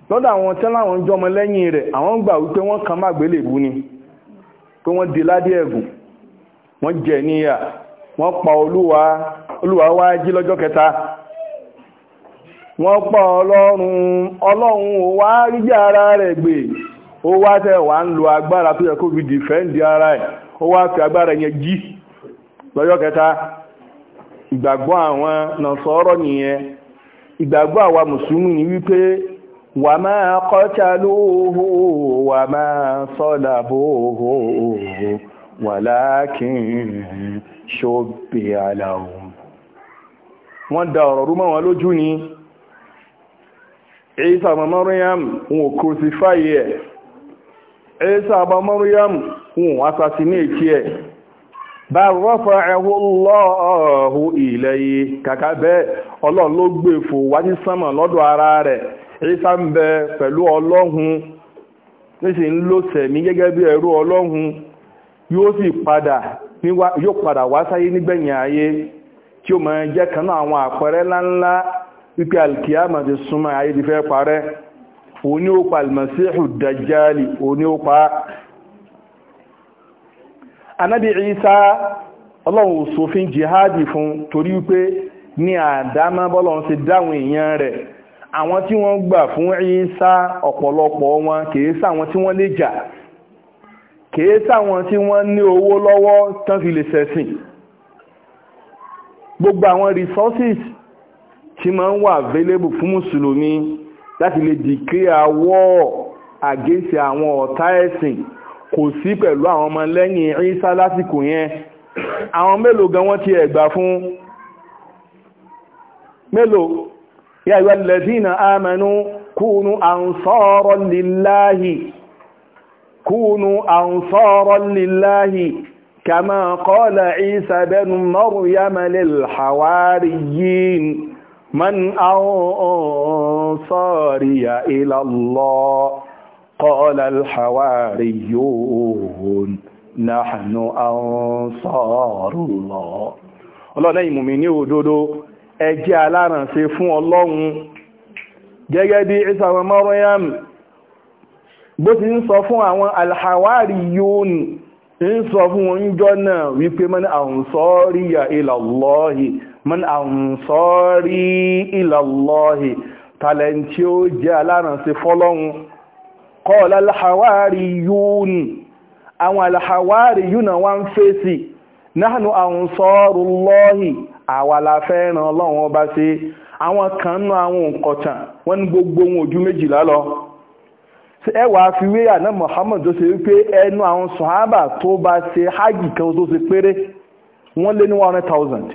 lọ́dọ̀ àwọn tí láwọn ń jọmọ lẹ́yìn rẹ̀ àwọn gbà wípé wọ́n kan má gbélébú ni pé wọ́n di ládé ẹ̀gùn wọ́n jẹ níyà wọ́n pa olúwa olúwa wá jí lọ́jọ́ kẹta wọ́n pa ọlọ́run ọlọ́run ò wá rí ara rẹ̀ gbé ó wá tẹ̀ wá ń lo agbára tó yẹ kó fi dìfẹ́ǹdì ara ẹ̀ ó wá fi agbára yẹn jí lọ́jọ́ kẹta ìgbàgbọ́ àwọn nàṣọ́rọ̀ nìyẹn ìgbàgbọ́ àwa mùsùlùmí ni wípé wà máa qataluhu wà máa salabuhu walakin shubbiha lahum wọ́n da ọ̀rọ̀ rú mọ́ wọn lójú ni Isa ọmọ Maryam wọn ò ẹ̀ e agba Maryam hụ assassinate ẹ̀ bá rọ́fà ẹ̀hù lọ́ọ̀hù ilẹ̀ yìí kàkà bẹ́ẹ̀ ọlọ́run ló gbé fò wá sánmà lọ́dọ̀ ara rẹ̀ Isa ń bẹ pẹ̀lú ọlọ́hun níṣì ń lò sẹ̀mí gẹ́gẹ́ bí ẹrú ọlọ́hun yóò sì padà yóò padà wá sáyé nígbẹ̀yìn ayé tí ó máa jẹ́ àwọn àpẹẹrẹ ńláńlá wípé ti súnmọ́ ayé ti fẹ́ òní ó pa almasihu dajjali òní ó pa anábì isa ọlọ́run sòfin jihadi fún torí pé ní àdámá bọ́lọ́run ti dáwọn èèyàn rẹ̀ àwọn tí wọ́n gbà fún isa ọ̀pọ̀lọpọ̀ wọn kìí sáwọn tí wọ́n lè jà kìí sáwọn tí wọ́n ní owó lọ́wọ́ tán gbogbo àwọn resources tí máa ń wà available fún mùsùlùmí láti lè dìkírí àwọ̀ àgéṣe àwọn ọ̀tá ẹ̀sìn kò sí pẹ̀lú àwọn ọmọ lẹ́yìn Ìsá lásìkò yẹn àwọn mélòó gan wọ́n ti ẹ̀gbà fún mélòó yá ìwà lẹ́dínà àmẹ́nu kúnu àǹsọ́rọ̀ líláhì kúnu àǹsọ́rọ̀ líláhì kàmà kọ́lá Ìsá mọ́rùn-ún yámẹ́lẹ̀ hàwárí من أنصاري إلى الله قال الحواريون نحن أنصار الله الله ìmùmí ní òdodo ẹ jẹ́ alárànṣe fún ọlọ́run gẹ́gẹ́ bí Isa wa Maryam bó ti ń sọ fún àwọn alhawariyun ń sọ fún wọn náà wípé man ansariya ila Allahi man àǹsọ́rí ìlàlọ́hì tàlẹ́ntí ó jẹ́ alárànṣe fọ́lọ́hun kọ́ọ̀lá alhawari yún àwọn alhawari yún náà wá ń fèsì náànù àǹsọ́rù lọ́hì àwàláfẹ́ràn ọlọ́run ọba sí àwọn kan nú àwọn nǹkọ̀tàn wọ́n ní gbogbo ohun ojú méjìlá lọ ẹ wàá fi wé àná Muhammad tó ṣe wípé ẹnu àwọn sọ̀hábà tó bá ṣe hajj kan tó ṣe péré wọ́n lé ní one thousand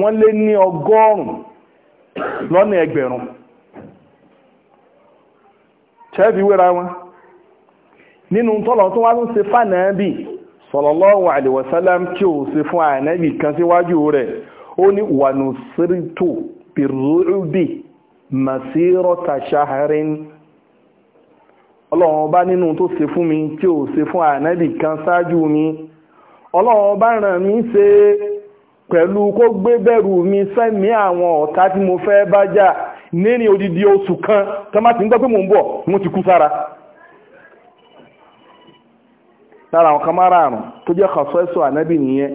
wọ́n lé ní ọgọ́rùn-ún lọ́nà ẹgbẹ̀rún ṣẹ́ẹ̀fì wéra wọn nínú tọ́lọ̀ tó wá ń ṣe fánàábì sallallahu alaihi wasallam kí o ṣe fún ànábì kan síwájú rẹ̀ ó ní wànú sírítò pìrúbì masírọ́ta ṣaharin ọlọ́run bá nínú tó ṣe fún mi kí o ṣe fún ànábì kan ṣáájú mi ọlọ́run bá ràn mí ṣe pẹ̀lú kó gbé bẹ̀rù mi sẹ́mi àwọn ọ̀tá tí mo fẹ́ bá jà nínú odidi oṣù kan tó má ti ń gbọ́ pé mò ń bọ̀ mo ti kú sára lára àwọn kan márààrún tó jẹ́ kọ̀sọ́ẹ̀sọ̀ ànábì nìyẹn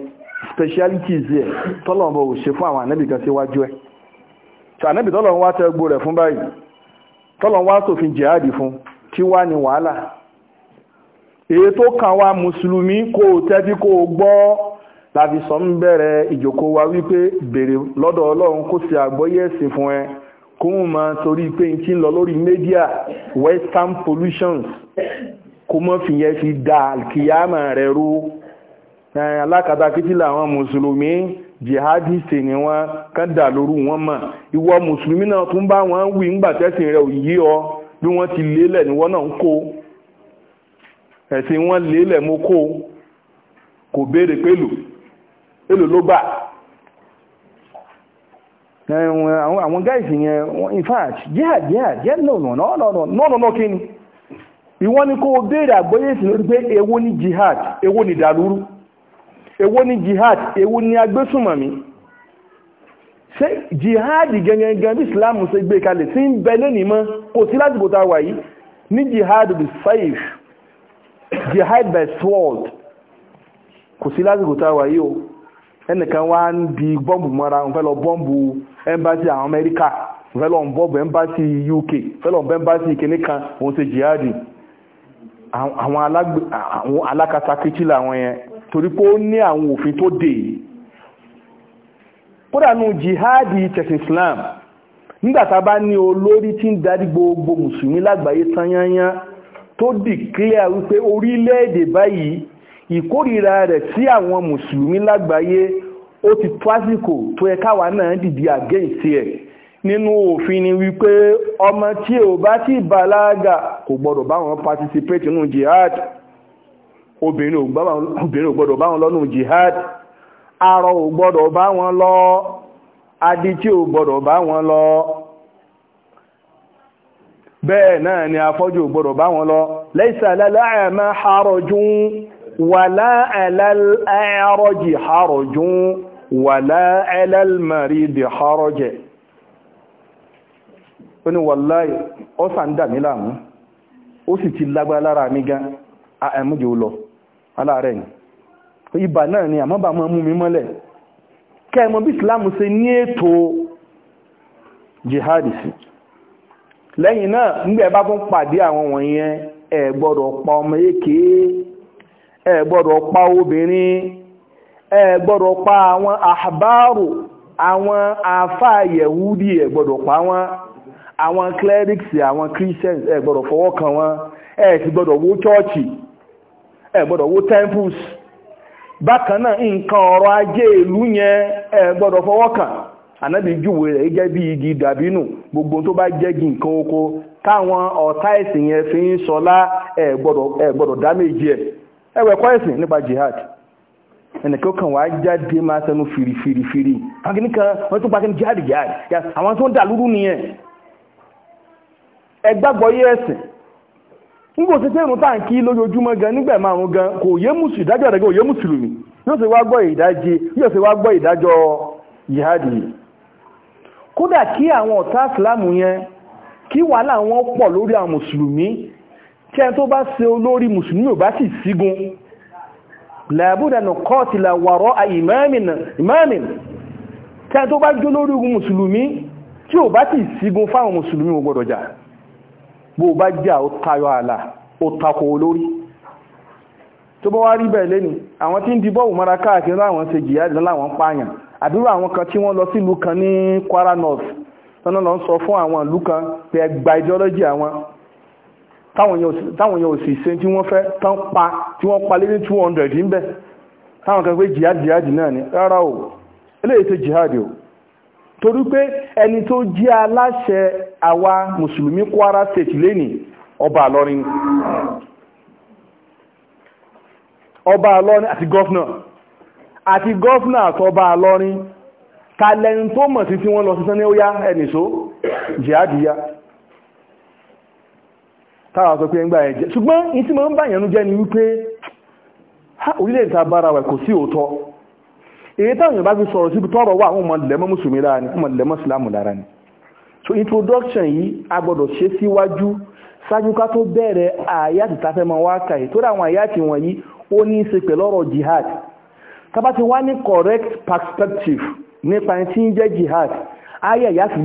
specialities yẹ tọ́lọ̀mọ̀ ò ṣe fún àwọn ànábì kan síwájú ẹ̀ tí ànábì tọ́lọ̀mọ̀ wá tẹ́gbó rẹ̀ fún báyìí tọ́lọ̀mọ̀ wá sòfin jihadi fún kí láti sọ ń bẹ̀rẹ̀ ìjókòó wa wípé béèrè lọ́dọ̀ ọlọ́run kó ṣe àgbọ́yé ẹ̀sìn fún ẹ kó ń mọ torí pé n ti lọ lórí media western pollutions kó mọ́ fìyẹn fi da kìyàmà rẹ̀ rú alákatakítí làwọn mùsùlùmí jihadist ni wọ́n kán dà lóru wọn mọ̀ ìwọ mùsùlùmí náà tún bá wọn wí ńgbà tẹ́sìn rẹ̀ ò yí ọ bí wọ́n ti lélẹ̀ ni wọ́n náà ń kó ẹ̀sìn wọn lélẹ̀ mo kó kò béèrè pẹ̀lú èlò ló gbà eh, àwọn gáìsì yẹn in fact jihad jihad jihad no no no no no no no kí ni ìwọ́n ni kó béèrè àgbóyè sí lórí pé èwo ni jihad èwo ni dàlúrú èwo ni jihad èwo ni agbésùmọ̀mí ṣé jihad gẹ́gẹ́gẹ́ bí islam ṣe gbé kalẹ̀ tí ń bẹ lónìí mọ́ kò sí láti kò tá wà yìí ní jihad bi saif jihad by sword kò sí láti kò tá wà yìí o ẹnìkan wá ń di bọ́ǹbù mara ń fẹ́ lọ bọ́ǹbù ẹ́mbásí àwọn amẹ́ríkà ń fẹ́ lọ bọ́ǹbù uk ń fẹ́ lọ bọ́ǹbù ẹ́mbásí kìnní kan òun ṣe jihadi àwọn alákatakítí làwọn yẹn torí pé ó ní àwọn òfin tó dè yìí kódà nù jihadi tẹ̀sìn islam nígbà tá a bá ní olórí tí ń darí gbogbo mùsùlùmí lágbàáyé tán yányán tó dìklẹ́ wípé orílẹ̀-èdè báyìí ìkórìíra rẹ̀ sí àwọn mùsùlùmí lágbàáyé ó ti tó àsìkò tó yẹ káwa náà dìde àgẹ́ǹsì ẹ̀ nínú òfin ni wípé ọmọ tí ò bá ti bàlágà kò gbọdọ̀ bá participate nínú jihad obìnrin ò gbọdọ̀ bá wọn jihad arọ ò gbọdọ̀ bá wọn lọ adití ò gbọdọ̀ bá lọ bẹ́ẹ̀ náà ni afọ́jú ò gbọdọ̀ bá wọn lọ laysa lálẹ́ àmà harajun wàlá على الأعرج حرج ولا على المريض ó ní wàlá ó sàndà láàmú ó sì ti lágbá mi gan àmújẹ ó lọ aláàrẹ̀ ni náà ni àmọ́bà mọ́ mú mi mọ́lẹ̀ kẹ́ẹ̀mọ́ bí islamu ní ètò jihadi sí lẹ́yìn náà fún pàdé àwọn wọ̀nyẹn pa ọmọ ẹ gbọ́dọ̀ pa obìnrin ẹ gbọ́dọ̀ pa àwọn àhàbárò àwọn àáfàá yẹ̀wúdí ẹ gbọ́dọ̀ pa wọn àwọn clerics àwọn christians ẹ gbọ́dọ̀ fọwọ́ kan wọn ẹ sì gbọ́dọ̀ wó chọ́ọ̀chì ẹ gbọ́dọ̀ wó temples bákan náà nǹkan ọ̀rọ̀ ajé ìlú yẹn ẹ fọwọ́ kan ànábì júwe rẹ̀ jẹ́ bí igi dàbínù gbogbo tó bá jẹ́gi nǹkan oko táwọn ọ̀tá ẹ̀sìn yẹn fi ń sọlá ẹ dáméjì ẹ̀ ẹwẹ̀kọ́ ẹ̀sìn nípa jihad ẹnìkan kan wà jáde máa sẹnu fìrì fìrì wọ́n tó jihad jihad àwọn tó ń dà lúrú nìyẹn ẹgbàgbọ́ yé nígbò tí tí táǹkì lójoojúmọ́ gan nígbà márùn gan kò yé mùsùlùmí ìdájọ́ rẹ̀ kò yé mùsùlùmí yóò jihad yìí kódà kí àwọn ọ̀tá ìsìlámù yẹn kí wàhálà wọn pọ̀ lórí àwọn mùsùlùmí tí ẹni tó bá ṣe olórí mùsùlùmí ò bá sì sígun làbúdà nà kọ́ọ̀tìlà wàrọ́ àìmáàmìn tí ẹni tó bá jó lórí mùsùlùmí tí ò bá sì sígun fáwọn mùsùlùmí ò gbọdọ̀ jà bó bá jà ó tayọ àlà ó takò olórí tó bá wá rí bẹ́ẹ̀ lẹ́ni àwọn tí ń di bọ́ọ̀wù mara káàkiri láwọn ṣe jìyà láwọn pààyàn àbúrò àwọn kan tí wọ́n lọ sílùú kan ní Kwara North lọ́nà lọ sọ fún àwọn ìlú kan pé ẹgbà ideology àwọn táwọn èèyàn òsì ṣe tí wọ́n fẹ́ tán pa tí wọ́n pa lé 200 ń bẹ̀ táwọn kan pé jihad jihad náà ni rárá o eléyìí ṣe jihad o torí pé ẹni tó jẹ́ aláṣẹ àwa mùsùlùmí Kwara State lénìí ọba àlọrin ọba àlọrin àti gọ́fnà àti gọ́fnà àtọba àlọrin kalẹ̀ tó mọ̀ sí tí wọ́n lọ sí sẹ́ni ó yá ẹnìṣó jihad yá tára sọ pé ń gbà ẹ̀jẹ̀ ṣùgbọ́n in tí ma ń bàyànú jẹ́ ni wípé orílẹ̀-èdè ta bára wà kò sí òótọ́ èyí táwọn bá fi sọ̀rọ̀ síbi tọ́rọ̀ wà àwọn ọmọdìlẹ́mọ́ lára ni ọmọdìlẹ́mọ́ sílámù lára ni so introduction yìí a gbọ́dọ̀ ṣe síwájú ṣáájú ká tó bẹ̀rẹ̀ àyàtì tafẹ́ ma jihad tá bá correct perspective nípa ẹni tí jihad ayé àyàtì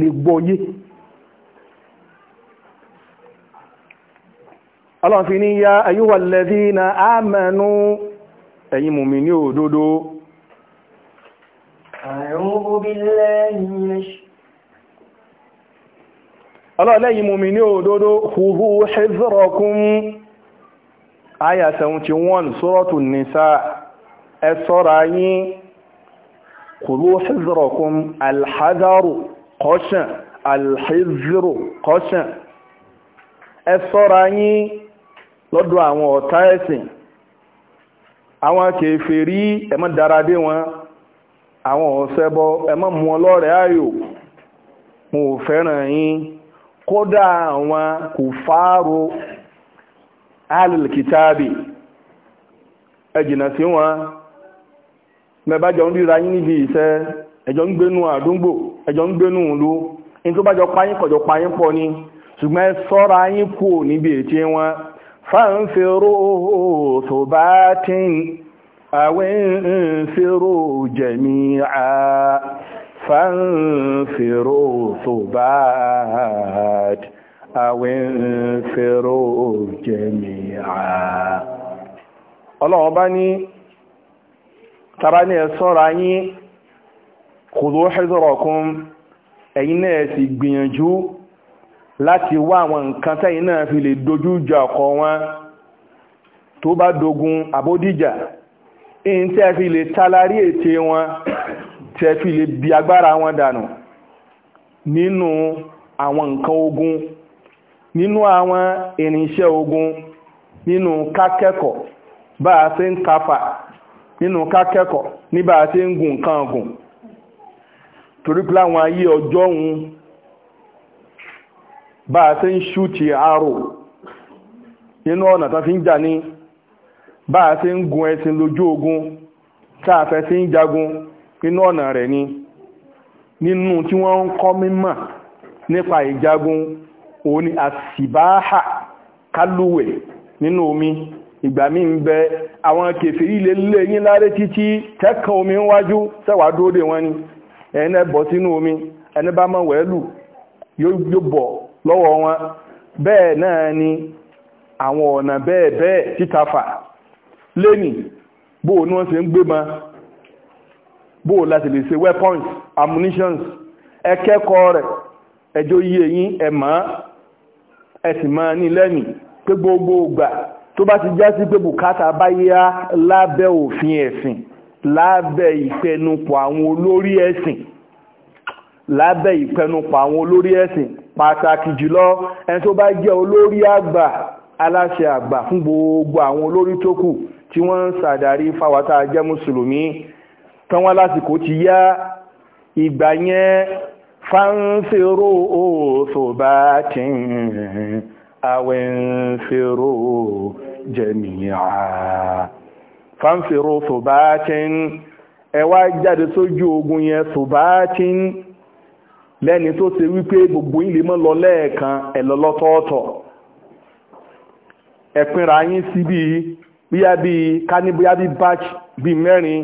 ọlọ́run fi ní ya ayúwàlẹ́dí na ámẹ́nu ẹ̀yin mùmí ní òdodo ọlọ́lẹ́yìn mùmí ní òdodo hùhù hezrọkún ayà 71 sọ́rọ̀tù nìsá ẹ ṣọ́ra yín kùlú hezrọkún alhazaru kọ́ṣẹ̀ alhiziru kọ́ṣẹ̀ ẹ ṣọ́ra yín lọ́dọ̀ àwọn ọ̀tá ẹ̀sìn àwọn kèfèrí ẹ má dáradé wọn àwọn ọ̀sẹ́bọ ẹ má mú ọlọ́rẹ̀ ayò mo ò fẹ́ràn yín kódà àwọn kùfárò alìkìtàbì ẹ jìnnà sí wọn mẹ́bàjọ́ ń ríra yín níbi ìṣẹ́ ẹjọ́ ń gbénú àdúgbò ẹjọ́ ń gbénú ìlú pọ̀ ni ṣùgbọ́n ẹ ṣọ́ra yín kú níbi ètí wọn فانفروا ثبات أو انفروا جميعا فانفروا ثبات أو انفروا جميعا الله بني تراني الصراني خذوا حذركم أين تبينجوا láti wá àwọn nǹkan tẹ́yìn náà fi lè dojú ìjà ọkọ wọn tó bá dogun àbódìjà èyí tẹ́ fi lè talárí ète wọn tẹ́ fi lè bi agbára wọn dànù nínú àwọn nǹkan ogun nínú àwọn irinṣẹ́ ogun nínú kákẹ́kọ̀ọ́ bá a ṣe ń kafà nínú kákẹ́kọ̀ọ́ ní bá a ṣe ń gun nǹkan ọ̀gùn torí pé ayé ọjọ́ òun bá a ṣe ń ṣúti àárò inú ọ̀nà tán fi ń jà ní bá a ṣe ń gun ẹṣin lójú ogun káàfẹ́ sí ń jagun inú ọ̀nà rẹ̀ ni nínú tí wọ́n ń kọ́ mímọ̀ nípa ìjagun òun ni àsìbáhà kálúwẹ̀ nínú omi ìgbà míì ń bẹ àwọn kèfèrí ilé lé yín láré títí tẹ́kàn omi ń wájú sẹ́wàá dúró dè wọ́n ni ẹ̀yin náà sínú omi ẹni bá mọ̀ wẹ́lù yóò bọ̀ lọ́wọ́ wọn bẹ́ẹ̀ náà ni àwọn ọ̀nà bẹ́ẹ̀ bẹ́ẹ̀ títafà lẹ́nì bóò ní wọ́n ṣe ń gbé ma bóò láti lè ṣe weapons ammunitions ẹ kẹ́kọ̀ọ́ rẹ̀ ẹjọ́ yí eyín ẹ mọ̀ ẹ sì máa ní lẹ́nì pé gbogbo ògbà tó bá ti já sí pé bùkátà bá yá lábẹ́ òfin ẹ̀sìn lábẹ́ ìfẹnupọ̀ àwọn olórí ẹ̀sìn lábẹ́ ìfẹnupọ̀ àwọn olórí ẹ̀sìn pàtàkì jùlọ ẹni tó bá jẹ́ olórí àgbà aláṣẹ àgbà fún gbogbo àwọn olórí tó kù tí wọ́n ń ṣàdarí fáwátá jẹ́ mùsùlùmí tán wá lásìkò ti yá ìgbà yẹn fáńfèrò òṣòbá tí àwẹ̀ǹfèrò jẹ̀mìíà fáńfèrò òṣòbá tí ẹ wá jáde sójú ogun yẹn ṣòbá tí lẹ́ni tó ṣe wípé gbogbo yín mọ́ lọ lẹ́ẹ̀kan ẹ̀lọ́ lọ́tọ̀ọ̀tọ̀ ẹ̀pinra yín sí bí bíyá bí kání bí batch mẹ́rin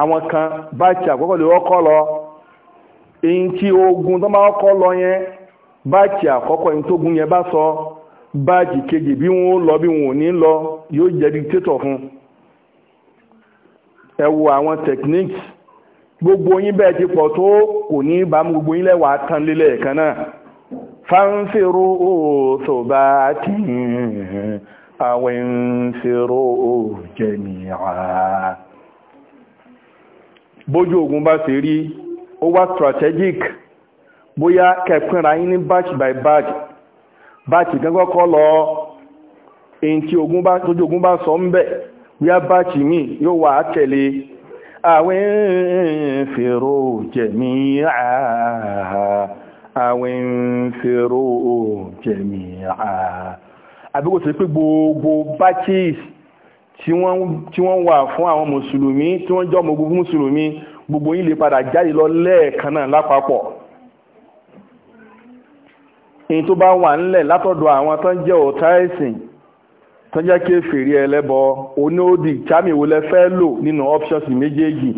àwọn kan batch àkọ́kọ́ lè wọ́kọ́ lọ ogun tó máa kọ́ yẹn batch àkọ́kọ́ sọ batch kejì bí wọ́n lọ bí wọ́n ò ní lọ yóò ẹ wo àwọn techniques gbogbo yín bẹ́ẹ̀ ti pọ̀ tó kò ní bá mú gbogbo yín lẹ́wà tán lélẹ̀ kan náà fanfiru òṣòbá tí àwọn ìfiru jẹ̀mìíra bójú ogun bá ṣe rí ó wá strategic bóyá kẹpínra yín ní batch by batch batch gangan kọ́ lọ èyí tí ogun bá sọ ń bẹ́ẹ̀ bíá báàkì mi yóò wà á tẹ̀lé àwẹ̀ ń fèrò jẹ̀mí àhà àwẹ̀ ń fèrò jẹ̀mí àhà àbíkò sí pé gbogbo batches tí wọ́n wà fún àwọn mùsùlùmí tí wọ́n jọ mọ̀ gbogbo mùsùlùmí gbogbo yín lè padà jáde lọ lẹ́ẹ̀kan náà lápapọ̀ èyí tó bá wà ńlẹ̀ látọ̀dọ̀ àwọn tó ń jẹ́ ọ̀tá ẹ̀sìn tó jẹ́ kèfèrí ẹlẹ́bọ onódì tàmí wo lẹ fẹ́ lò nínú options méjèèjì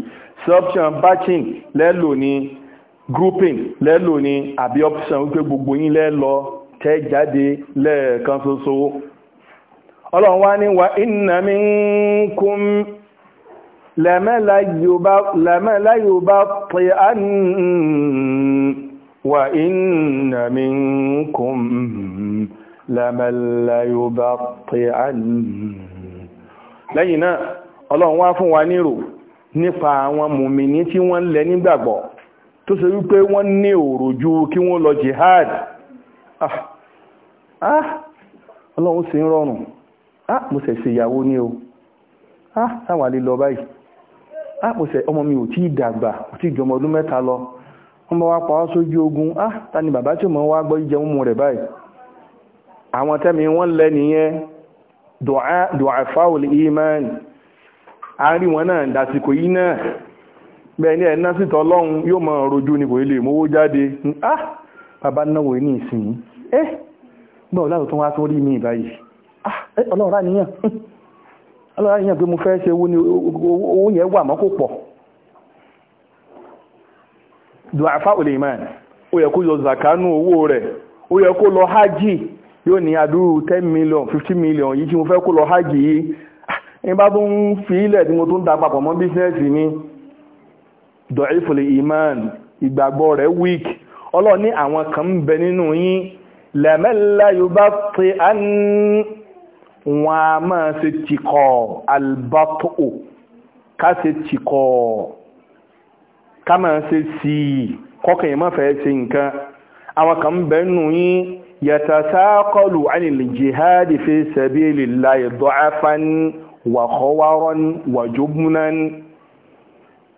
sí option batching lẹ́lò ní grouping lẹ́lò ní àbí option wípé gbogbo yín lẹ́lọ tẹ́ jáde lẹ́ẹ̀kan ṣoṣo ọlọ́run wá ní wa inna minkum lamala yubatti'an wa inna minkum لمن ليبطئن lẹ́yìn náà ọlọ́run wá fún wa nírò nípa àwọn mùmìnì tí wọ́n lẹ nígbàgbọ́ tó ṣe wípé wọ́n ní òròjú kí wọ́n lọ jihad ah ah ọlọ́run sì ń rọrùn ah mo ṣẹ̀ ṣe ìyàwó ní o ah sáwà lè lọ báyìí ah ọmọ mi ò tí dàgbà ah, ò tí jọmọ àwọn tẹ́mi wọ́n lẹ́ nìyẹn dùnàfáwòlì iman àárí wọn náà dàsìkò yìí náà bẹ́ẹ̀ ni ẹ̀ná síta ọlọ́run yóò mọ̀ rojú ni kò lè mówó jáde ah bàbá náwó ní ìsìn eh gbọ́n láti tún wá tó rí mi ìbáyìí ah eh! ọlọ́run rà níyàn eh! ó yẹ kó lọ hajj yóò ní adúrú ten million fifteen million yìí tí mo fẹ́ kó lọ hajj yìí ah, ní bá tó ń fi ilẹ̀ tí mo tó ń da papọ̀ mọ́ bísínẹ́sì mi dọ̀ífòlè iman ìgbàgbọ́ rẹ̀ weak ọlọ́ọ̀ ní àwọn kan ń bẹ nínú yín lẹ́mẹ́lá yorùbá pé a ń wọn a máa ṣe tìkọ̀ albato ká ṣe tìkọ̀ ká máa ṣe sí i kọ́kànyìn má fẹ́ ṣe nǹkan àwọn kan ń bẹ nínú yín yàtàsákọlù anil jihadi fi sabilillahi dọ́afán wàkọ́wárán wàjúmúnan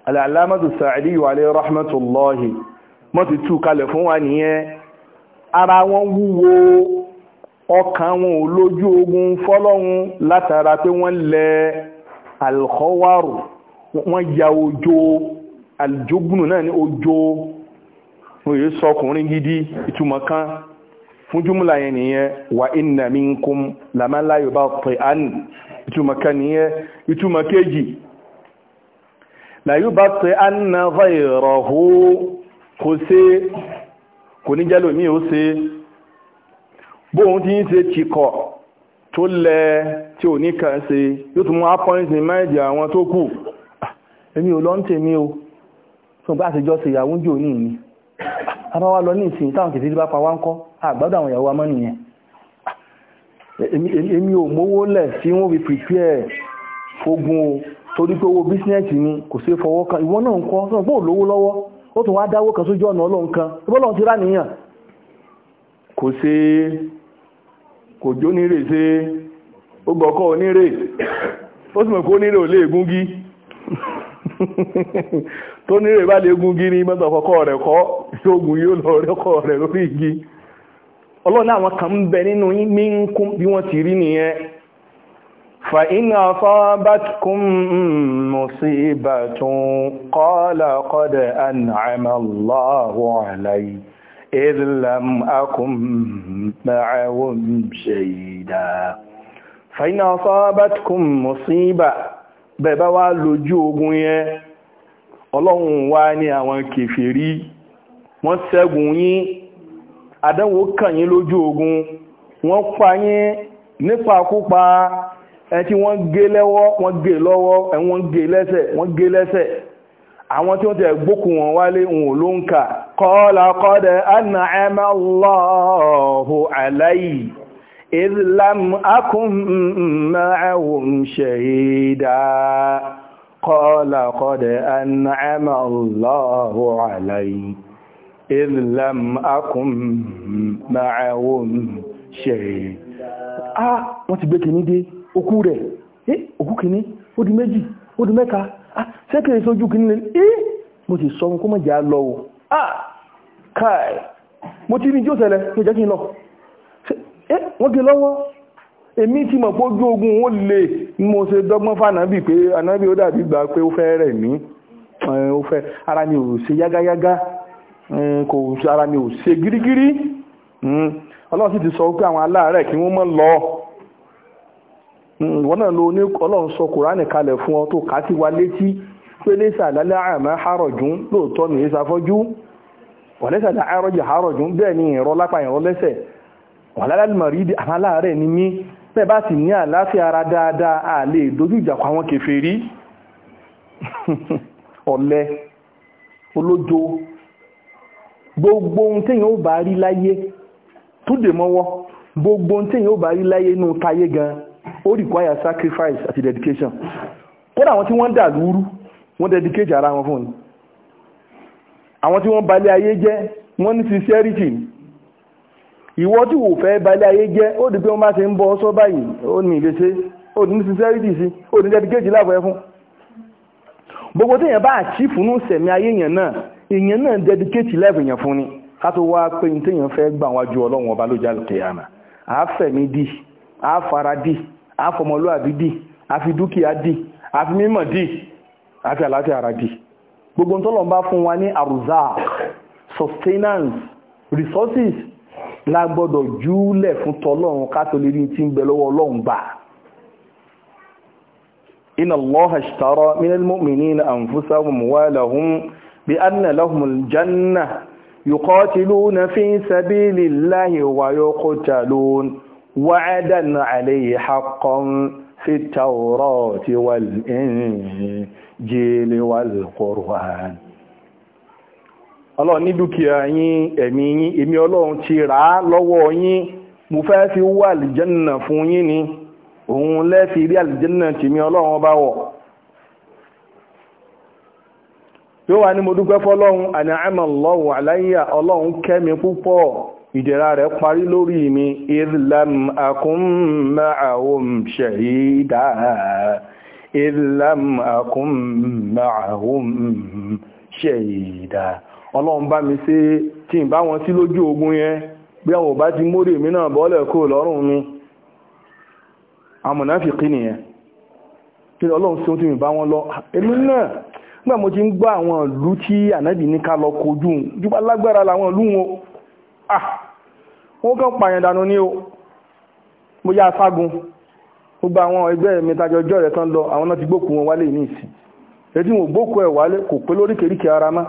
aláàlámàtù sàádì wà lè rahmatullahi mọ́ ti tú kalẹ̀ fún wa nìyẹn ara wọn wúwo ọkàn wọn ò lójú ogun fọ́lọ́hun látara pé wọ́n lẹ alkọ́wárù wọ́n ya ojo aljógúnù náà ní ojo sọkùnrin gidi ìtumọ̀ kan fún júmùlà yẹn nìyẹn wà inna minkum laman la yubati'an ìtumọ̀ kan nìyẹn ìtumọ̀ kejì la yubati'anna ghayrahu kò ṣe kò ní jẹ́lò mí ó ṣe bóun ti ń ṣe tìkọ̀ tó lẹ tí ò ní kàn ṣe yóò tún mú apọ́ìntì méjì àwọn tó kù ah, èmi ò lọ́ntèmi o tó bá ṣe jọ jò ní ìní àbáwá lọ ní ìsìn táwọn kìtìrí bá pa wá ń kọ́ àgbádùn àwọn ìyàwó wa mọ́ nìyẹn èmi ò mówó lẹ̀ sí wọ́n fi prepare fogun o torí pé owó bísínẹ́sì ni kò sí fọwọ́ kan ìwọ náà ń kọ́ sọ́nà bóò lówó lọ́wọ́ ó tún wá dáwó kan sójú ọ̀nà ọlọ́run kan ìbọ́ lọ́run ti rá nìyàn kò ṣe tó ní rẹ̀ bá lè gun gírí mọ́tò ọkọ̀ rẹ̀ kọ́ yóògùn yóò lọ rẹ́kọ̀ rẹ̀ lórí igi ọlọ́ni àwọn kan ń bẹ nínú yín bí wọ́n ti rí nìyẹn fa in asabatkum musibatun qala qad an'ama Allahu alayya idh lam akun ma'ahum shayda bẹ̀bá wá lójú ogun yẹn ọlọ́run wá ní àwọn kèfèrí wọ́n ṣẹ́gun yí àdánwò kàn lójú ogun wọ́n pa yí nípa kópa ẹ tí wọ́n gé lẹ́wọ́ wọ́n gé lọ́wọ́ ẹ gé lẹ́sẹ̀ àwọn tí wọ́n tẹ̀ gbókù wọn wálé wọn ló ń kà إذ لم أكن معهم شهيدا قال قد أنعم الله علي إذ لم أكن معهم شهيدا ah wọ́n ti gbé kìíní dé okú rẹ̀ eh okú kìíní ó di méjì ó di mẹ́ta ah sẹ́kẹ̀rẹ̀ sójú kìíní lè eh mo ti sọ wọn kó mọ̀ jẹ́ lọ wọ́n gé lọ́wọ́ èmi ti mọ̀ pé ojú ogun ó lè mọ̀ ṣe dọ́gbọ́n fànàbì pé ànábì ó dàbí gbà pé ó fẹ́ rẹ̀ mí ó fẹ́ ara mi ò ṣe yágáyágá kò ara mi ò ṣe gírígírí ọlọ́run sì ti sọ pé àwọn aláàárẹ̀ kí wọ́n mọ́ lọ ìwọ náà ló ní ọlọ́run sọ kùránì kalẹ̀ fún ọ tó kàá á sí wa létí pé lẹ́sà lálẹ́ àmọ́ àrọ̀jún lóòótọ́ nìyí sáfọ́jú wà lẹ́sà lálẹ́ àrọ̀jún bẹ́ẹ̀ ni ìrọ́ wàlálàlùmọ̀rídì àwọn aláàárẹ̀ ni mí pẹ́ bá sì ní àláfíà ara dáadáa a lè dojú ìjàpọ̀ àwọn kèfèrí ọ̀lẹ olójo gbogbo ohun téèyàn ó bá rí láyé tó dè mọ́wọ́ gbogbo ohun téèyàn ó bá rí láyé inú táyé gan ó require sacrifice àti dedication kódà àwọn tí wọ́n dà lúrú wọ́n dedicate ara wọn fún ni àwọn tí wọ́n balẹ̀ ayé jẹ́ wọ́n ní sincerity ìwọ tí wò fẹ́ balẹ̀ ayé jẹ́ ó di pé wọ́n bá ṣe ń bọ́ ọ́sọ́ báyìí ó ní ìlẹ́sẹ̀ ó ní sincerity sí ó ní dedicate láàbọ̀ ẹ fún gbogbo tí èèyàn bá àṣìfù ní sẹ̀mí ayé yẹn náà èèyàn náà dedicate láàbọ̀ yẹn fún ni ká tó wá pé ní téèyàn fẹ́ gbà wá ju ọlọ́run ọba lójà kẹyàmà àáfẹ̀mí dì àáfara dì àáfọmọlúàbí dì àfi dúkìá dì àfi mímọ̀ dì àfi àlàáfíà ara dì gbogbo ń tọ́lọ́ bá fún wa ní àrùzá sustenance resources lágbọ́dọ̀ júlẹ̀ fún tọlọ́run kátólì ní tí ń bẹ lọ́wọ́ ọlọ́run gbà inna Allaha ishtara minal mu'minina anfusahum wa lahum bi anna lahumul janna yuqatiluna fi sabilillahi wa yuqtalun wa'dan alayhi wal qur'an ọlọ́run ní dúkìá yín ẹ̀mí yín èmi ọlọ́run ti rà á lọ́wọ́ yín mo fẹ́ fi wá àlìjẹ́nà fún yín ni òun lẹ́fi rí àlìjẹ́nà tèmi ọlọ́run ọba wọ̀ yóò wá ní mo dúpẹ́ fọ́lọ́run àní àmà lọ́wọ́ àláyà ọlọ́run kẹ́mi púpọ̀ ìdẹ̀ra rẹ̀ parí lórí mi islam akúnmá àwọn ṣẹ̀yídà islam akúnmá àwọn ṣẹ̀yídà ọlọ́run bá mi ṣe kí n bá wọn sí lójú ogun yẹn bí àwọn òbá ti mórè mi náà bọ́ọ̀lẹ̀ kó lọ́rùn mi àmọ̀náfìkí nìyẹn kí ọlọ́run sí ohun tí mi bá wọn lọ èmi náà nígbà mo ti ń gbọ́ àwọn ìlú tí ànábì ní ká lọ kojú jùpá lágbára làwọn ìlú wọn ah wọ́n kàn pààyàn dànù ní o mo yá aṣágun gbogbo àwọn ẹgbẹ́ mi tajọ ọjọ́ rẹ̀ tán lọ àwọn náà ti gbókù wọn wálé ní ìsìn ètí wọn gbókù ẹ̀ wálé kò pé lóríkèríkè ara máa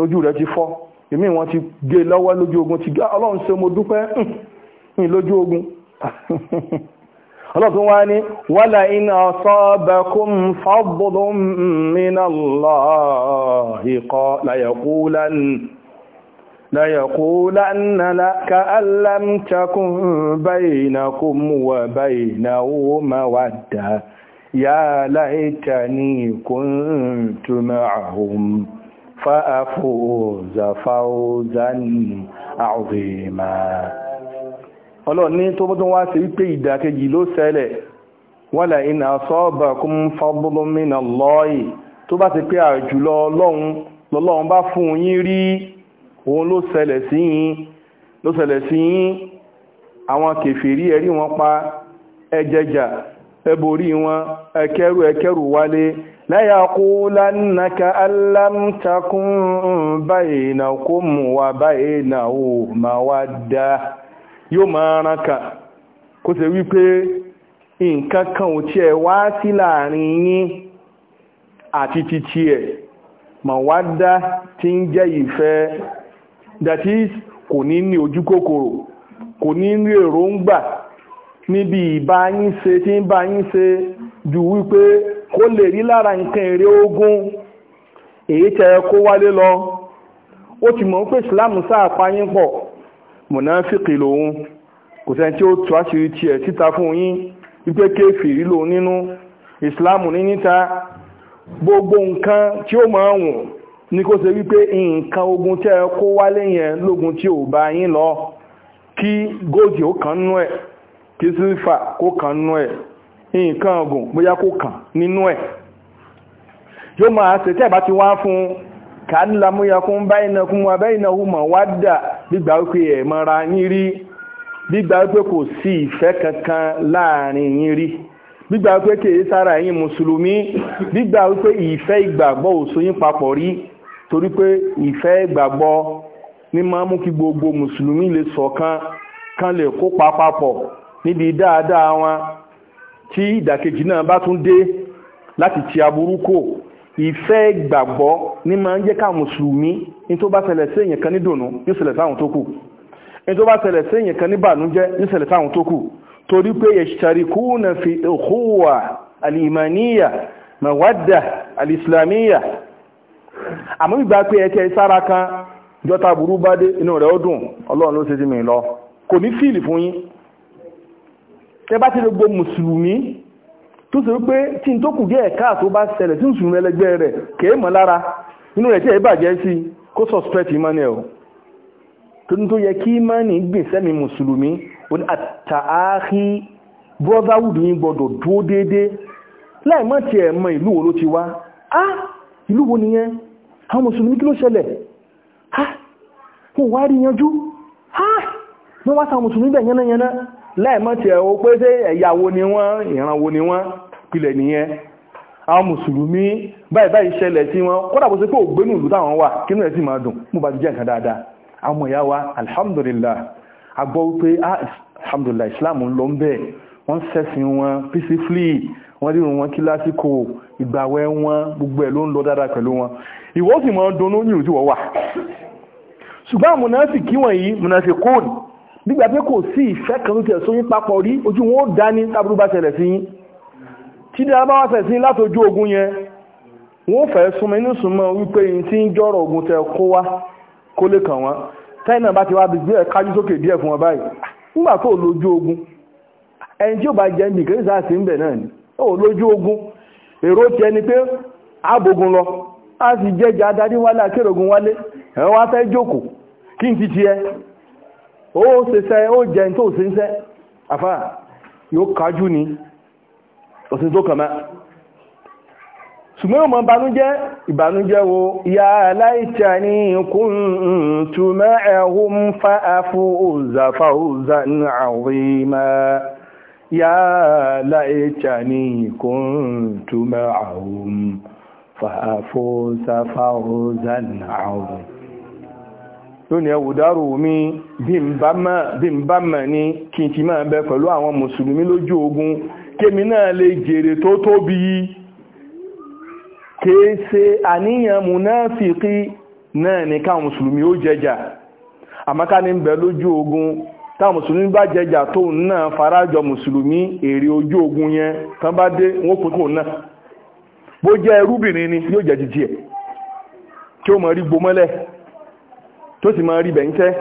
ojú rẹ̀ ti fọ́ èmi wọn ti gé lọ́wọ́ lójú ogun ti gé ah, ọlọ́run ṣe mo dúpẹ́ ń hmm, lójú ogun ọlọ́tún wá ní wala in asabakum fadlun minallahi la yaqulanna la yaqulanna laka allam takun baynakum wa baynahu mawadda ya laytani kuntu ma'ahum فأفوز فوزا عظيما ọlọ́run ní tó bọ́tún wá sí wípé ìdàkejì ló ṣẹlẹ̀ wala in asabakum fadlun minallahi tó bá ti pé àjùlọ ọlọ́run bá fún yín rí òun ló ṣẹlẹ̀ sí yín àwọn kèfèrí ẹ̀rí wọn pa ẹjẹjà ebori wọn ekeru ẹkẹrù wálé láyàkúlánàkà alámtakùn bainakum wa bainahu mawadda yóò máa ránka kó ṣe wípé nǹkan kan ò tí ẹ wá sí láàrin yín àti títí ẹ̀ mawadda tí ń jẹ́ ìfẹ́ that is kò ní ní ojú kòkòrò kò ní ni èròǹgbà níbi ìbá yín ṣe tí ń bá yín ṣe ju wípé kó lè rí lára nǹkan èrè ogun èyí tẹ kó wálé lọ ó ti mọ̀ pé ìsìláàmù sáàpá yín pọ̀ mùnáfíkì lòun kò sẹ́ni tí ó tú àṣírí tiẹ̀ síta fún yín wípé kéfìrí lòun nínú ìsìláàmù ní níta gbogbo nǹkan tí ó máa wùn ní kó ṣe wípé nǹkan ogun tẹ́ kó wálé yẹn lógun tí ò bá yín lọ kí góòjì ó kàn nú ẹ̀ kí sílífà kó kàn nú ẹ̀ nǹkan ọ̀gùn bóyá kó kàn nínú ẹ̀ yóò máa ṣe tí àbá ti wá fún kàádìlámúyakún báyìnakún abẹ́yìnahùn mọ̀ wá dà gbígbà wípé ẹ̀ mọ́ra yín rí gbígbà wípé kò sí ìfẹ́ kankan láàrin yín rí gbígbà wípé kìí sára ẹ̀yin mùsùlùmí gbígbà wípé ìfẹ́ ìgbàgbọ́ ò so yín papọ̀ rí torí pé ìfẹ́ ìgbàgbọ́ ní máa mú kí gbogbo mùsùlùmí lè ṣọ̀kan kan lè kópa papọ̀ níbi dáadáa wọn tí ìdàkejì náà bá tún dé láti ti aburú kò ìfẹ́ ìgbàgbọ́ ní máa ń jẹ́ ká mùsùlùmí ní tó bá ṣẹlẹ̀ sí èèyàn kan ní dùnú ní ṣẹlẹ̀ sáwọn tó kù ní tó bá ṣẹlẹ̀ sí èèyàn kan ní bànújẹ́ ní ṣẹlẹ̀ sáwọn tó kù torí pé yashtarikuna fi al-khuwa al-imaniyya àmọ́ ìgbà pé ẹ̀kẹ́ sára kan jọta burú bá dé inú rẹ̀ ó dùn ọlọ́run ló ṣe ti mìíràn kò ní fíìlì fún yín tẹbá ti gbogbo mùsùlùmí tó sì wípé tí n tó kù díẹ̀ káà tó bá ṣẹlẹ̀ tí mùsùlùmí ẹlẹgbẹ́ rẹ̀ kèé mọ̀ lára inú rẹ̀ tí ẹ bàjẹ́ sí kó suspect emmanuel tó ní tó yẹ kí imani gbìn sẹ́mi mùsùlùmí ó ní àtàáhí brotherhood yìí gbọdọ̀ dúó déédé láì má tiẹ̀ mọ ìlú wo ló ti wá ah ìlú wo nìyẹn àwọn mùsùlùmí kí ló ṣẹlẹ̀ ah kò wá rí yanjú ah wọ́n wá sa mùsùlùmí bẹ̀ yánnayànna lẹ́ẹ̀mọ́tì ẹ̀wọ́ pé ṣé ẹ̀yàwó ni wọ́n ìrànwó ni wọ́n pilẹ̀ nìyẹn àwọn mùsùlùmí báyìí báyìí ṣẹlẹ̀ sí wọn kódà bó ṣe pé ògbénú ìlú táwọn wà kí ní ẹ̀ máa dùn mú bá ti jẹ́ nǹkan dáadáa àwọn ìyá wa alhamdulillah a wípé ah, alhamdulillah islam ń lọ ń bẹ̀ wọ́n sẹ́sìn wọn peacefully wọ́n rírun wọn kí lásìkò ìgbàwẹ́ wọn gbogbo ẹ̀ ló ń lọ dáadáa pẹ̀lú wọn ìwọ sì máa dunnú ní ìlú tí wọ́n wà ṣùgbọ́n nígbà pé kò sí ìfẹ́ kan ló tẹ̀ sóyún papọ̀ rí ojú wọn ó ní tábúrú bá ṣẹlẹ̀ sí yín tí ní bá wá ṣẹlẹ̀ sí láti ojú ogun yẹn wọ́n ó fẹ́ súnmọ́ inú súnmọ́ wípé yín tí ń jọ́rọ̀ ogun tẹ kó wá kó lè kàn wọ́n tẹ́nà bá ti wá bí díẹ̀ kájú sókè díẹ̀ fún wọn báyìí nígbà tó lójú ogun ẹni tí ò bá jẹ́ ní kérésì àti ń bẹ̀ náà ni ó lójú ogun èrò ti ẹni pé àbògùn lọ a sì jẹ́jà adarí wálé akérògùn wálé ẹ̀wọ́n wá fẹ́ jókòó kí n ti ó ṣeṣẹ́ ó jẹ́ tó ṣeṣẹ́ afá yóò kájú ní òsìn tó kàmá ṣùgbọ́n ọmọ ìbànújẹ́ ìbànújẹ́ wo ya aláìta ní kuntu ma'ahum fa'afuza fawzan 'azima ya aláìta ní kuntu ma'ahum fa'afuza fawzan 'azima lónìí ẹwù dárò omi bí n bá ní kí ti máa bẹ pẹ̀lú àwọn mùsùlùmí lójú ogun kémi náà lè jèrè tó tóbi kéèsè àníyàn múnáfìkì náà ní káwọn mùsùlùmí ó jẹjà àmọ́ká ní bẹ lójú ogun táwọn mùsùlùmí bá jẹjà tó náà farajọ mùsùlùmí èrè ogun yẹn bá dé wọn náà ni yóò jẹ́ ẹ̀ ó tó sì máa rí bẹ̀ńtẹ́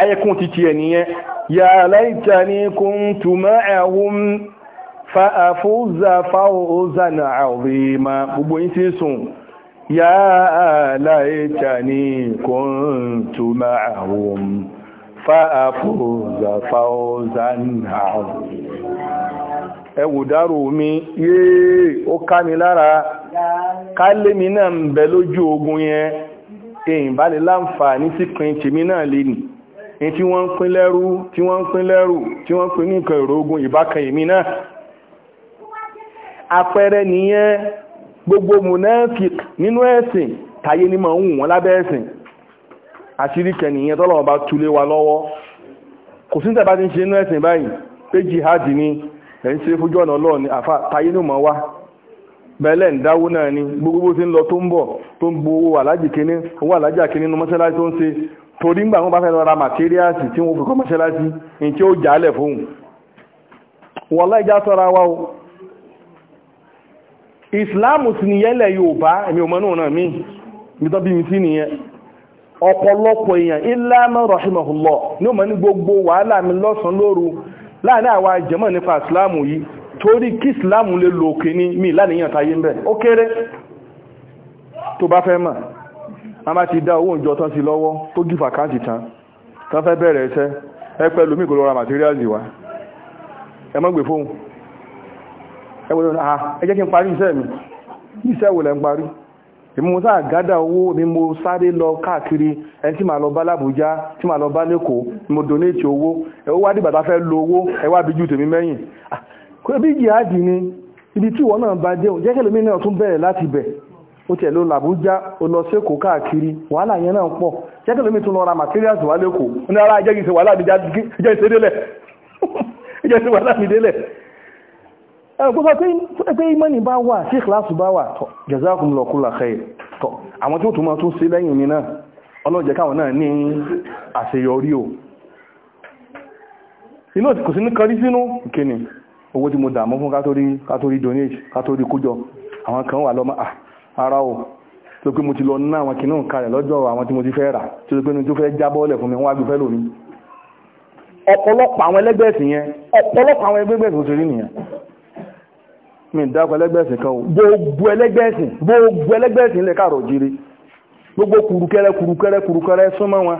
ayẹkún ti ti ẹ̀nìyàn ya laitani kuntu ma'ahum fa afuza fawzan 'azima gbogbo yín ti sùn ya laitani kuntu ma'ahum fa afuza fawzan 'azima ẹ wò dárò mi yéé ó ká mi lára ká lé mi náà bẹ lójú ogun yẹn èyìn bá lè láǹfààní sí pin tèmi náà lè nì ní tí wọ́n ń pín lẹ́rú tí wọ́n ń pín lẹ́rú tí wọ́n ń pín ní nǹkan ìrógún ìbákan èmi náà àpẹẹrẹ nìyẹn gbogbo munafik nínú ẹ̀sìn táyé ní máa ń wù wọ́n lábẹ́ ẹ̀sìn àṣírí kẹnìyàn tọ́lọ́wọ́ bá túlé wa lọ́wọ́ kò sí tẹ̀bá ti ń ṣe inú ẹ̀sìn báyìí pé jihad ni ẹ̀ ń ṣe fojú ọ̀nà ọlọ́ọ̀ni àfa táyé ní máa wá bẹ́lẹ̀ ń náà ni gbogbo bó ti ń lọ tó ń bọ̀ tó ń bo owó alájì kínní owó alájà kínní nu mọ́ṣáláṣí tó ń ṣe torí ńgbà wọn bá fẹ́ lọ ra màtíríàsì tí wọ́n fi kọ́ mọ́ṣáláṣí ní tí ó jálẹ̀ fóun wọ́n láìjá sọ́ra wa o ìsìláàmù sí nìyẹ́lẹ̀ Yorùbá èmi ò mọ́nú náà mí nítọ́ bí mi sí nìyẹn ọ̀pọ̀lọpọ̀ èèyàn ìlànà rahimahullah ní ò mọ́ ní gbogbo wàhálà mi lọ́sàn-án lóru láàrin àwa jẹ́mọ̀ nípa ìsìláàmù yìí torí kí islam lè lò òkè ní mi láníyàn tayé ń bẹ̀ ó kéré tó bá fẹ́ mọ̀ a máa ti dá owó ìjọ tán sí lọ́wọ́ tó gífà káàtì tán tán fẹ́ bẹ̀rẹ̀ ẹsẹ́ ẹ pẹ́ lómi kò lọ́ra materials wa ẹ mọ́ gbé fóun ẹ wọ́n lọ́nà ah, ẹ jẹ́ kí n parí iṣẹ́ mi iṣẹ́ wo lẹ́ ń parí èmi mo sáà gádà owó ni wá dìgbà tá tèmi mẹ́yìn ah, bí jihadi ni ibi tí ìwọ náà bá dé òun jẹ́kẹ̀lẹ́ mi náà tún bẹ̀rẹ̀ láti bẹ̀ ó tiẹ̀ ló làbújá ó lọ sékòó káàkiri wàhálà yẹn náà pọ̀ jẹ́kẹ̀lẹ́ mi tún lọ ra materials wà lẹ́kọ̀ọ́ ó ní ara jẹ́kì ṣe wàhálà mi jẹ́ ṣe imani bá wà sí ìkìláàsù bá wà tọ́ jazakum lọ kúlà khair tọ́ àwọn tí ó tún máa tún sí lẹ́yìn mi sínú ìkíni owó tí mo dààmú fún kátórí donate kátórí kójọ àwọn kan wà lọ́mọ ah, ara o tó pé mo ti lọ ná àwọn kìnnìún kalẹ̀ lọ́jọ́ àwọn tí mo ti fẹ́ rà tó pé ní tó fẹ́ jábọ́ọ̀lẹ̀ fún mi wọ́n á gbé fẹ́ lómi ọ̀pọ̀lọpọ̀ àwọn ẹlẹ́gbẹ́ ẹ̀sìn yẹn ọ̀pọ̀lọpọ̀ àwọn ẹgbẹ́ ẹ̀sìn òṣèré nìyẹn mi ń o gbogbo ẹlẹ́gbẹ́ ẹ̀sìn gbogbo ẹlẹ́gbẹ́ ẹ̀sìn lè káàrọ̀ jírí gbogbo kùrùkẹrẹ kùrùkẹrẹ kùrùkẹrẹ súnmọ́ wọn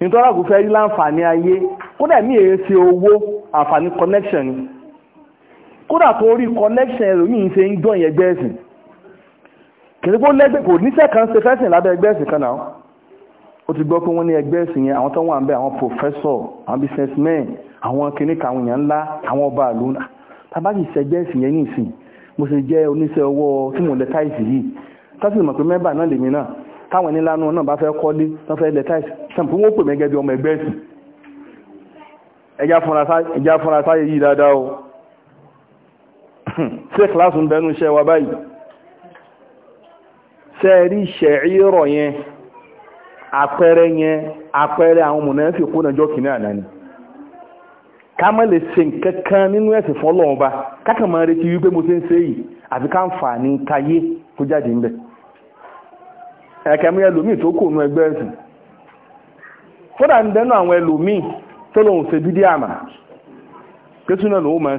nítorí àkùfẹ́ rí láǹfààní ayé kódà mí èé ṣe owó àǹfààní connection kódà tó rí connection ẹlòmíì ṣe ń dọ̀yìn ẹgbẹ́ ẹ̀sìn kìrìpó lẹ́gbẹ́ kò níṣẹ́ kan ṣe fẹ́sìn lábẹ́ ẹgbẹ́ ẹ̀sìn kan náà ó ti gbọ́ pé wọ́n ní ẹgbẹ́ ẹ̀sìn yẹn àwọn tó wà ń bẹ àwọn professor àwọn businessmen àwọn kìnnìkan àwọn èèyàn ńlá àwọn ọba àlù tabaki ṣẹgbẹ́ ẹ̀sìn yẹn ní ìsìn mo sì jẹ́ oníṣẹ́ ọwọ́ tí mo lẹ táìsì yìí tásì mọ̀ pé mẹ́bà náà lèmi náà táwọn ẹnìlànà náà bá fẹ́ kọ́lé tó fẹ́ lẹ táìsì sàmpé wọ́n pè mẹ́gẹ́ bí ẹja fúnra sáyé yìí dáadáa o ṣe kìláàsù ń bẹnu iṣẹ́ wa báyìí ṣe rí ṣẹ̀írọ̀ yẹn àpẹẹrẹ yẹn àpẹẹrẹ àwọn mùnáfíkí kìíní ká lè ṣe nǹkan kan nínú ẹ̀sìn ọba ba kákan máa mo ṣe ń ṣe yìí àfi ká ń tó jáde ẹlòmíì tó kò nú ẹgbẹ́ ẹ̀sìn ń dẹnu àwọn ẹlòmíì tó ṣe àmà máa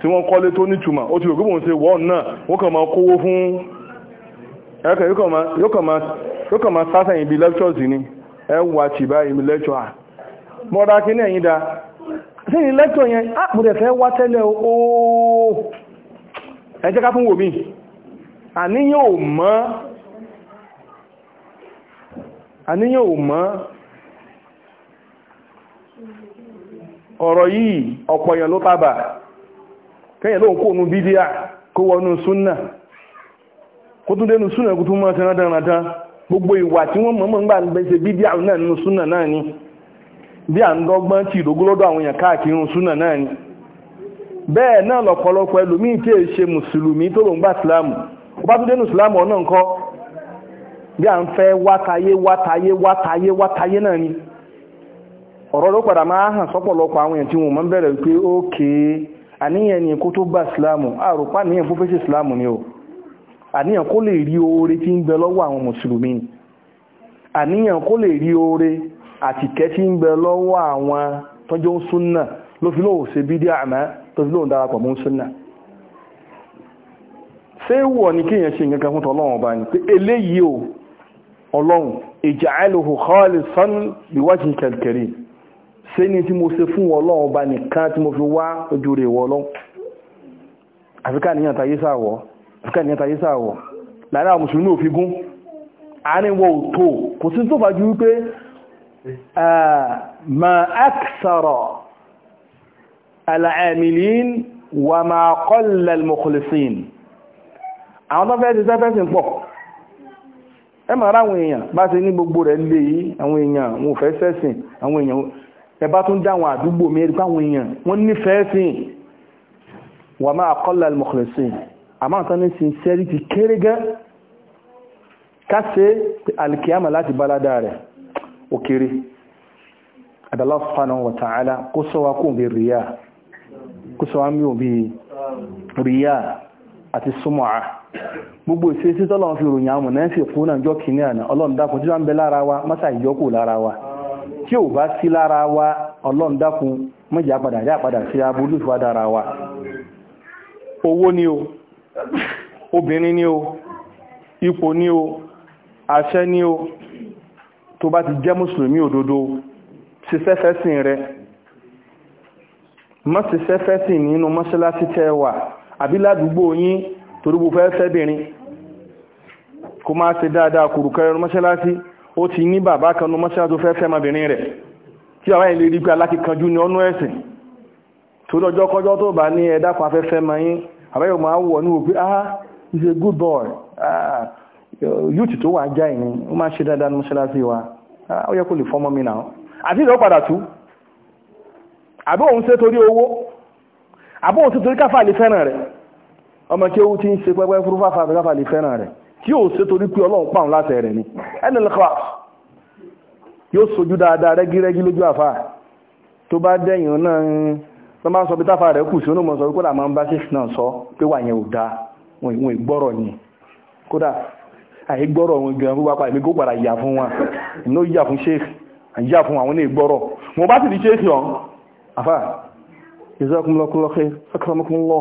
tí wọ́n kọ́lé tó nítumọ̀ ó ti rò gbogbo ṣe wọ́n náà wọ́n kàn máa kówó fún ẹ̀kẹ́ yóò kàn máa sásẹ̀yìn bí lectures ni ẹ wà tì báyìí mi lecture mọ́dá kí ní ẹ̀yìn da sí ní lecture yẹn àpùdẹ̀ ah, ọ̀rọ̀ yìí ọ̀pọ̀ èèyàn ló tábà kẹ́yẹ̀ lóun kó nu ko kó wọnú súnà kó tún dénú súnà kó tún gbogbo ìwà ti wọ́n mọ̀mọ́ gbà ń bẹ́sẹ̀ bídíà na nínú súnà náà ni bí à ń dọ́gbọ́n awon ìdógólódó àwọn èèyàn káàkiri súnà náà ni bẹ́ẹ̀ náà lọ̀pọ̀lọpọ̀ ẹlòmíì tí èyí ṣe mùsùlùmí tó lòun gbà sílámù kó bá tún dénú sílámù ọ̀nà nǹkan ni ọ̀rọ̀ àníyàn ni kó tó gba ìsìláàmù àròpá níyàn fún fẹ́sẹ̀ ìsìláàmù ni o àníyàn kó lè rí oore tí ń bẹ lọ́wọ́ àwọn mùsùlùmí àníyàn kó lè rí oore àtìkẹ́ tí ń bẹ lọ́wọ́ àwọn tọ́jọ́ ń súnà ló fi lóò ṣe bídíà àmọ́ tó fi lóò darapọ̀ mọ́ súnà ṣé wọ̀ ni kéèyàn ṣe nǹkan fún tọ́lọ́run ọba ni pé eléyìí o ọlọ́run ij'aluhu khalisan liwajhikal karim ṣé ni tí mo ṣe fún Ọlọ́run ọba nìkan tí mo fi wá ojú rẹ̀ wọ Ọlọ́run àfikà níyàn tayé sáàwọ̀ àfikà níyàn tayé sáàwọ̀ lára mùsùlùmí òfin gún àárín wọ òtò kò sí tó fàájú wípé ma aksara al'amilin wa àwọn tó fẹ́ ti sẹ́fẹ́sìn pọ̀ ẹ mọ̀ ara àwọn èèyàn bá ṣe ní gbogbo rẹ̀ lè yí àwọn èèyàn wọn fẹ́ sẹ́sìn àwọn èèyàn ẹbá tún já àwọn àdúgbò mẹ́rin káwọn èèyàn wọ́n nífẹ̀ẹ́ sí wà máa kọ́lá al-mukhlisin àmá àtọ́ ní sincerity kéré gẹ́ kásẹ̀ alkiyama láti balada rẹ̀ ó kéré adala subhanahu wa ta'ala kó sọ wa kóhùn bí ríyà kó sọ wa mìíràn bí ríyà àti súnmọ̀á gbogbo ìṣesí tọ́lọ́run fi ròyìn àwọn mọ̀nẹ́sì fún náà jọ́ kìíní àná ọlọ́run tí wọ́n bẹ lára wa mọ́sà ìyọ́kù lára wa tí ò bá sí lára wa ọlọ́run dákun mọ́jà padà dá padà sí aburú ìfúwádà wa owó ni o obìnrin ni o ipò ni o àṣẹ ni o tó bá ti jẹ́ mùsùlùmí òdodo ṣiṣẹ́fẹ́ sìn rẹ má ṣiṣẹ́fẹ́ sìn nínú mọ́ṣáláṣí tẹ́ wà àbí ládùúgbò yín torí fẹ́ fẹ́bìnrin kó máa ṣe dáadáa kùrùkẹrẹ mọ́ṣáláṣí ó ti ní bàbá kan ní fẹ́ fẹ́ ọmọbìnrin rẹ̀ tí àwọn ilé pé alákìkanjú ni ọ̀nà ẹ̀sìn tó lọ́jọ́ kọjọ́ tó bá ní n'i afẹ́fẹ́ mọ́ àbẹ́yọ̀ máa wọ̀ ní òpin ah he's a good boy ah youth tó wà já ìní ó máa ṣe dáadáa ní mọ́ṣáláṣí wa ah, ó yẹ kó lè fọ́mọ́ mi náà àti ìdánwò padà tú àbí òun ṣe torí owó àbí òun ṣe torí káfà tí yóò ṣe torí pé ọlọ́run pàun láti ẹ̀rẹ̀ ni ẹni lọ́kọ́ yóò sojú dáadáa rẹ́gírẹ́gí lójú àfà tó bá dẹ̀yìn náà ń tó bá sọ pé táfà rẹ̀ kù sí onímọ̀ sọ kódà máa ń bá ṣèṣì náà sọ pé wà yẹn ò da wọn ìwọ̀n ìgbọ́rọ̀ ni kódà àìgbọ́rọ̀ wọn gan gbogbo apá ìmí kó padà yà fún wọn ìmú yà fún ṣéèkì àyà fún àwọn ní ìgbọ́rọ̀ wọn bá sì ní ṣéèkì ọ̀hún àfà ìzọ́kùnlọ́kùnlọ́kẹ́ ọkọ̀rọ̀mọ́kùnlọ́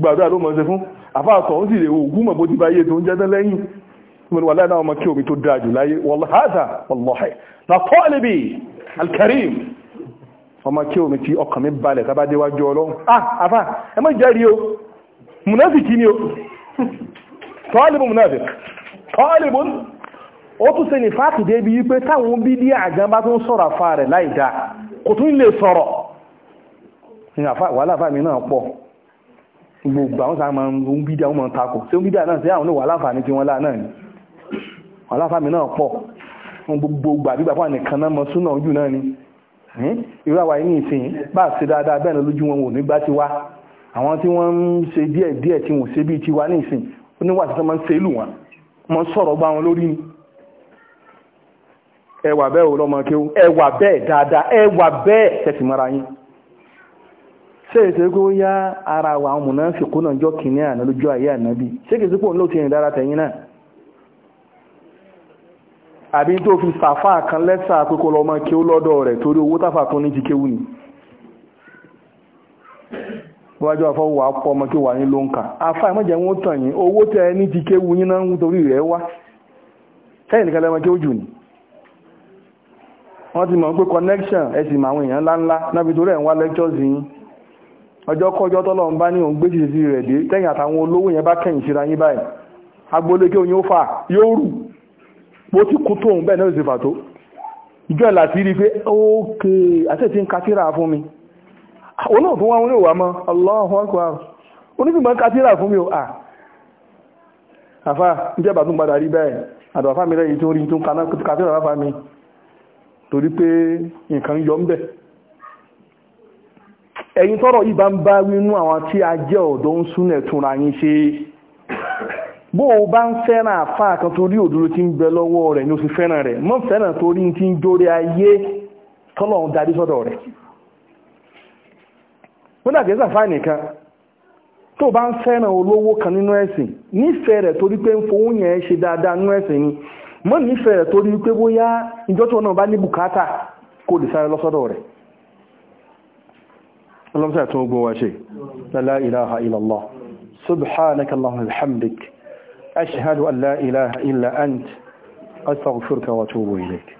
gbàdúrà ló mọ̀ ṣe fún àfáàsọ̀ ó sì lè ogún mọ̀ bó ti bá tó ń jẹ́ lẹ́yìn من ولا نوم كيوم تداج لا ي... والله هذا والله لطالبي الكريم فما كيوم تي أقم بالك بعد وجولون آه أفا أما جاريو منافقينيو طالب منافق طالب ó tún ṣe ní fáàkì débi wípé táwọn bídí àjá bá tún sọ̀rọ̀ afá rẹ̀ láìdá kò tún lè àfá wàhálà fáàmì gbogbo àwọn sáà máa ń ohun bídíà wọn máa ń takò sí ohun bídíà náà sí àwọn oníwà aláfààní tí wọ́n lá náà ni aláfààní náà pọ̀ wọn gbogbo gbà bí gbàgbọ́ nìkan náà mọ súnà ojú náà ni irú àwa yìí ní ìsìn bá a ṣe dáadáa bẹ́ẹ̀ lójú wọn ò ní gbá tiwa àwọn tí wọ́n ń ṣe díẹ̀ díẹ̀ tí wọ́n ṣe bíi tiwa ní ìsìn oníwà tí wọ́n máa ń ṣe lù wọ́n mọ sọ̀rọ̀ gbá wọn lórí ni ẹwà bẹ́ẹ̀ ò lọ́mọ kéwú ẹwà bẹ́ẹ̀ dáadáa ẹwà bẹ́ẹ̀ tẹ̀sí mọ́ra ṣé èsì yá ara wa àwọn mùnáfìkú náà jọ kìíní àná lójú ayé ànábì ṣé kìí sípò ló ti rìn dára tẹ̀yìn náà àbí tó fi sàfà kan lẹ́sà pé kó lọ mọ kí ó lọ́dọ̀ rẹ̀ torí owó táfà tó ní ti kéwù ni wájú àfọwọ́ wà pọ̀ ọmọ kí wà ní ló ń kà afá ìmọ̀jẹ̀ wọn tàn yín owó tẹ ẹ ní ti kéwù yín náà ń torí rẹ̀ wá sẹ́yìn nìkan lẹ́mọ kí ó jù ní wọ́n ti mọ̀ pé connection ẹ sì mọ àwọn èèyàn ńláńlá náà fi torí ẹ̀ ń wá lectures yín ọjọ́ kọjọ́ tọ́lọ̀ ń bá ní òun gbéjì sí rẹ̀ dé tẹ́yìn àtàwọn olówó yẹn bá kẹ́yìn síra yín báyìí agboolégé oyin ó fà yóò rù bó ti kú tóun bẹ́ẹ̀ náà sì fà tó ìjọ ìlà ti rí i pé ókè àti ètí ń ka tíra fún mi òun náà tún wá wọn ní òwà mọ Allahu akbar onífìmọ̀ ń ka tíra fún mi o à àfa ìjọba tún padà rí bẹ́ẹ̀ àdó àfa mi rẹ̀ yìí tó rí tó ń ka tíra fáfa mi torí pé nǹkan yọ ń bẹ́ẹ̀ ẹ̀yin tọ́rọ̀ yìí bá ń bá wínú àwọn tí a jẹ́ ọ̀dọ́ ń súnẹ̀ túnra yín ṣe bó o bá ń fẹ́ràn àfáà kan torí òdodo tí ń bẹ lọ́wọ́ rẹ̀ ni ó sì fẹ́ràn rẹ̀ mọ́ fẹ́ràn torí tí ń dórí ayé tọ́lọ̀ ń darí sọ́dọ̀ rẹ̀ wọ́n dàbí ẹ̀sà fáà nìkan tó bá ń fẹ́ràn olówó kan nínú ẹ̀sìn nífẹ̀ẹ́ rẹ̀ torí pé ń fowó yẹn ṣe dáadáa nínú ẹ̀sìn ni mọ́ nífẹ̀ẹ́ rẹ̀ torí pé bóyá ìjọ́ tó náà bá ní bùkátà kó lè sáré lọ́sọ́dọ̀ rẹ̀ اللهم صل على توبواشي لا, إله إلا الله سبحانك اللهم بحمدك أشهد أن لا إله إلا أنت أستغفرك وأتوب إليك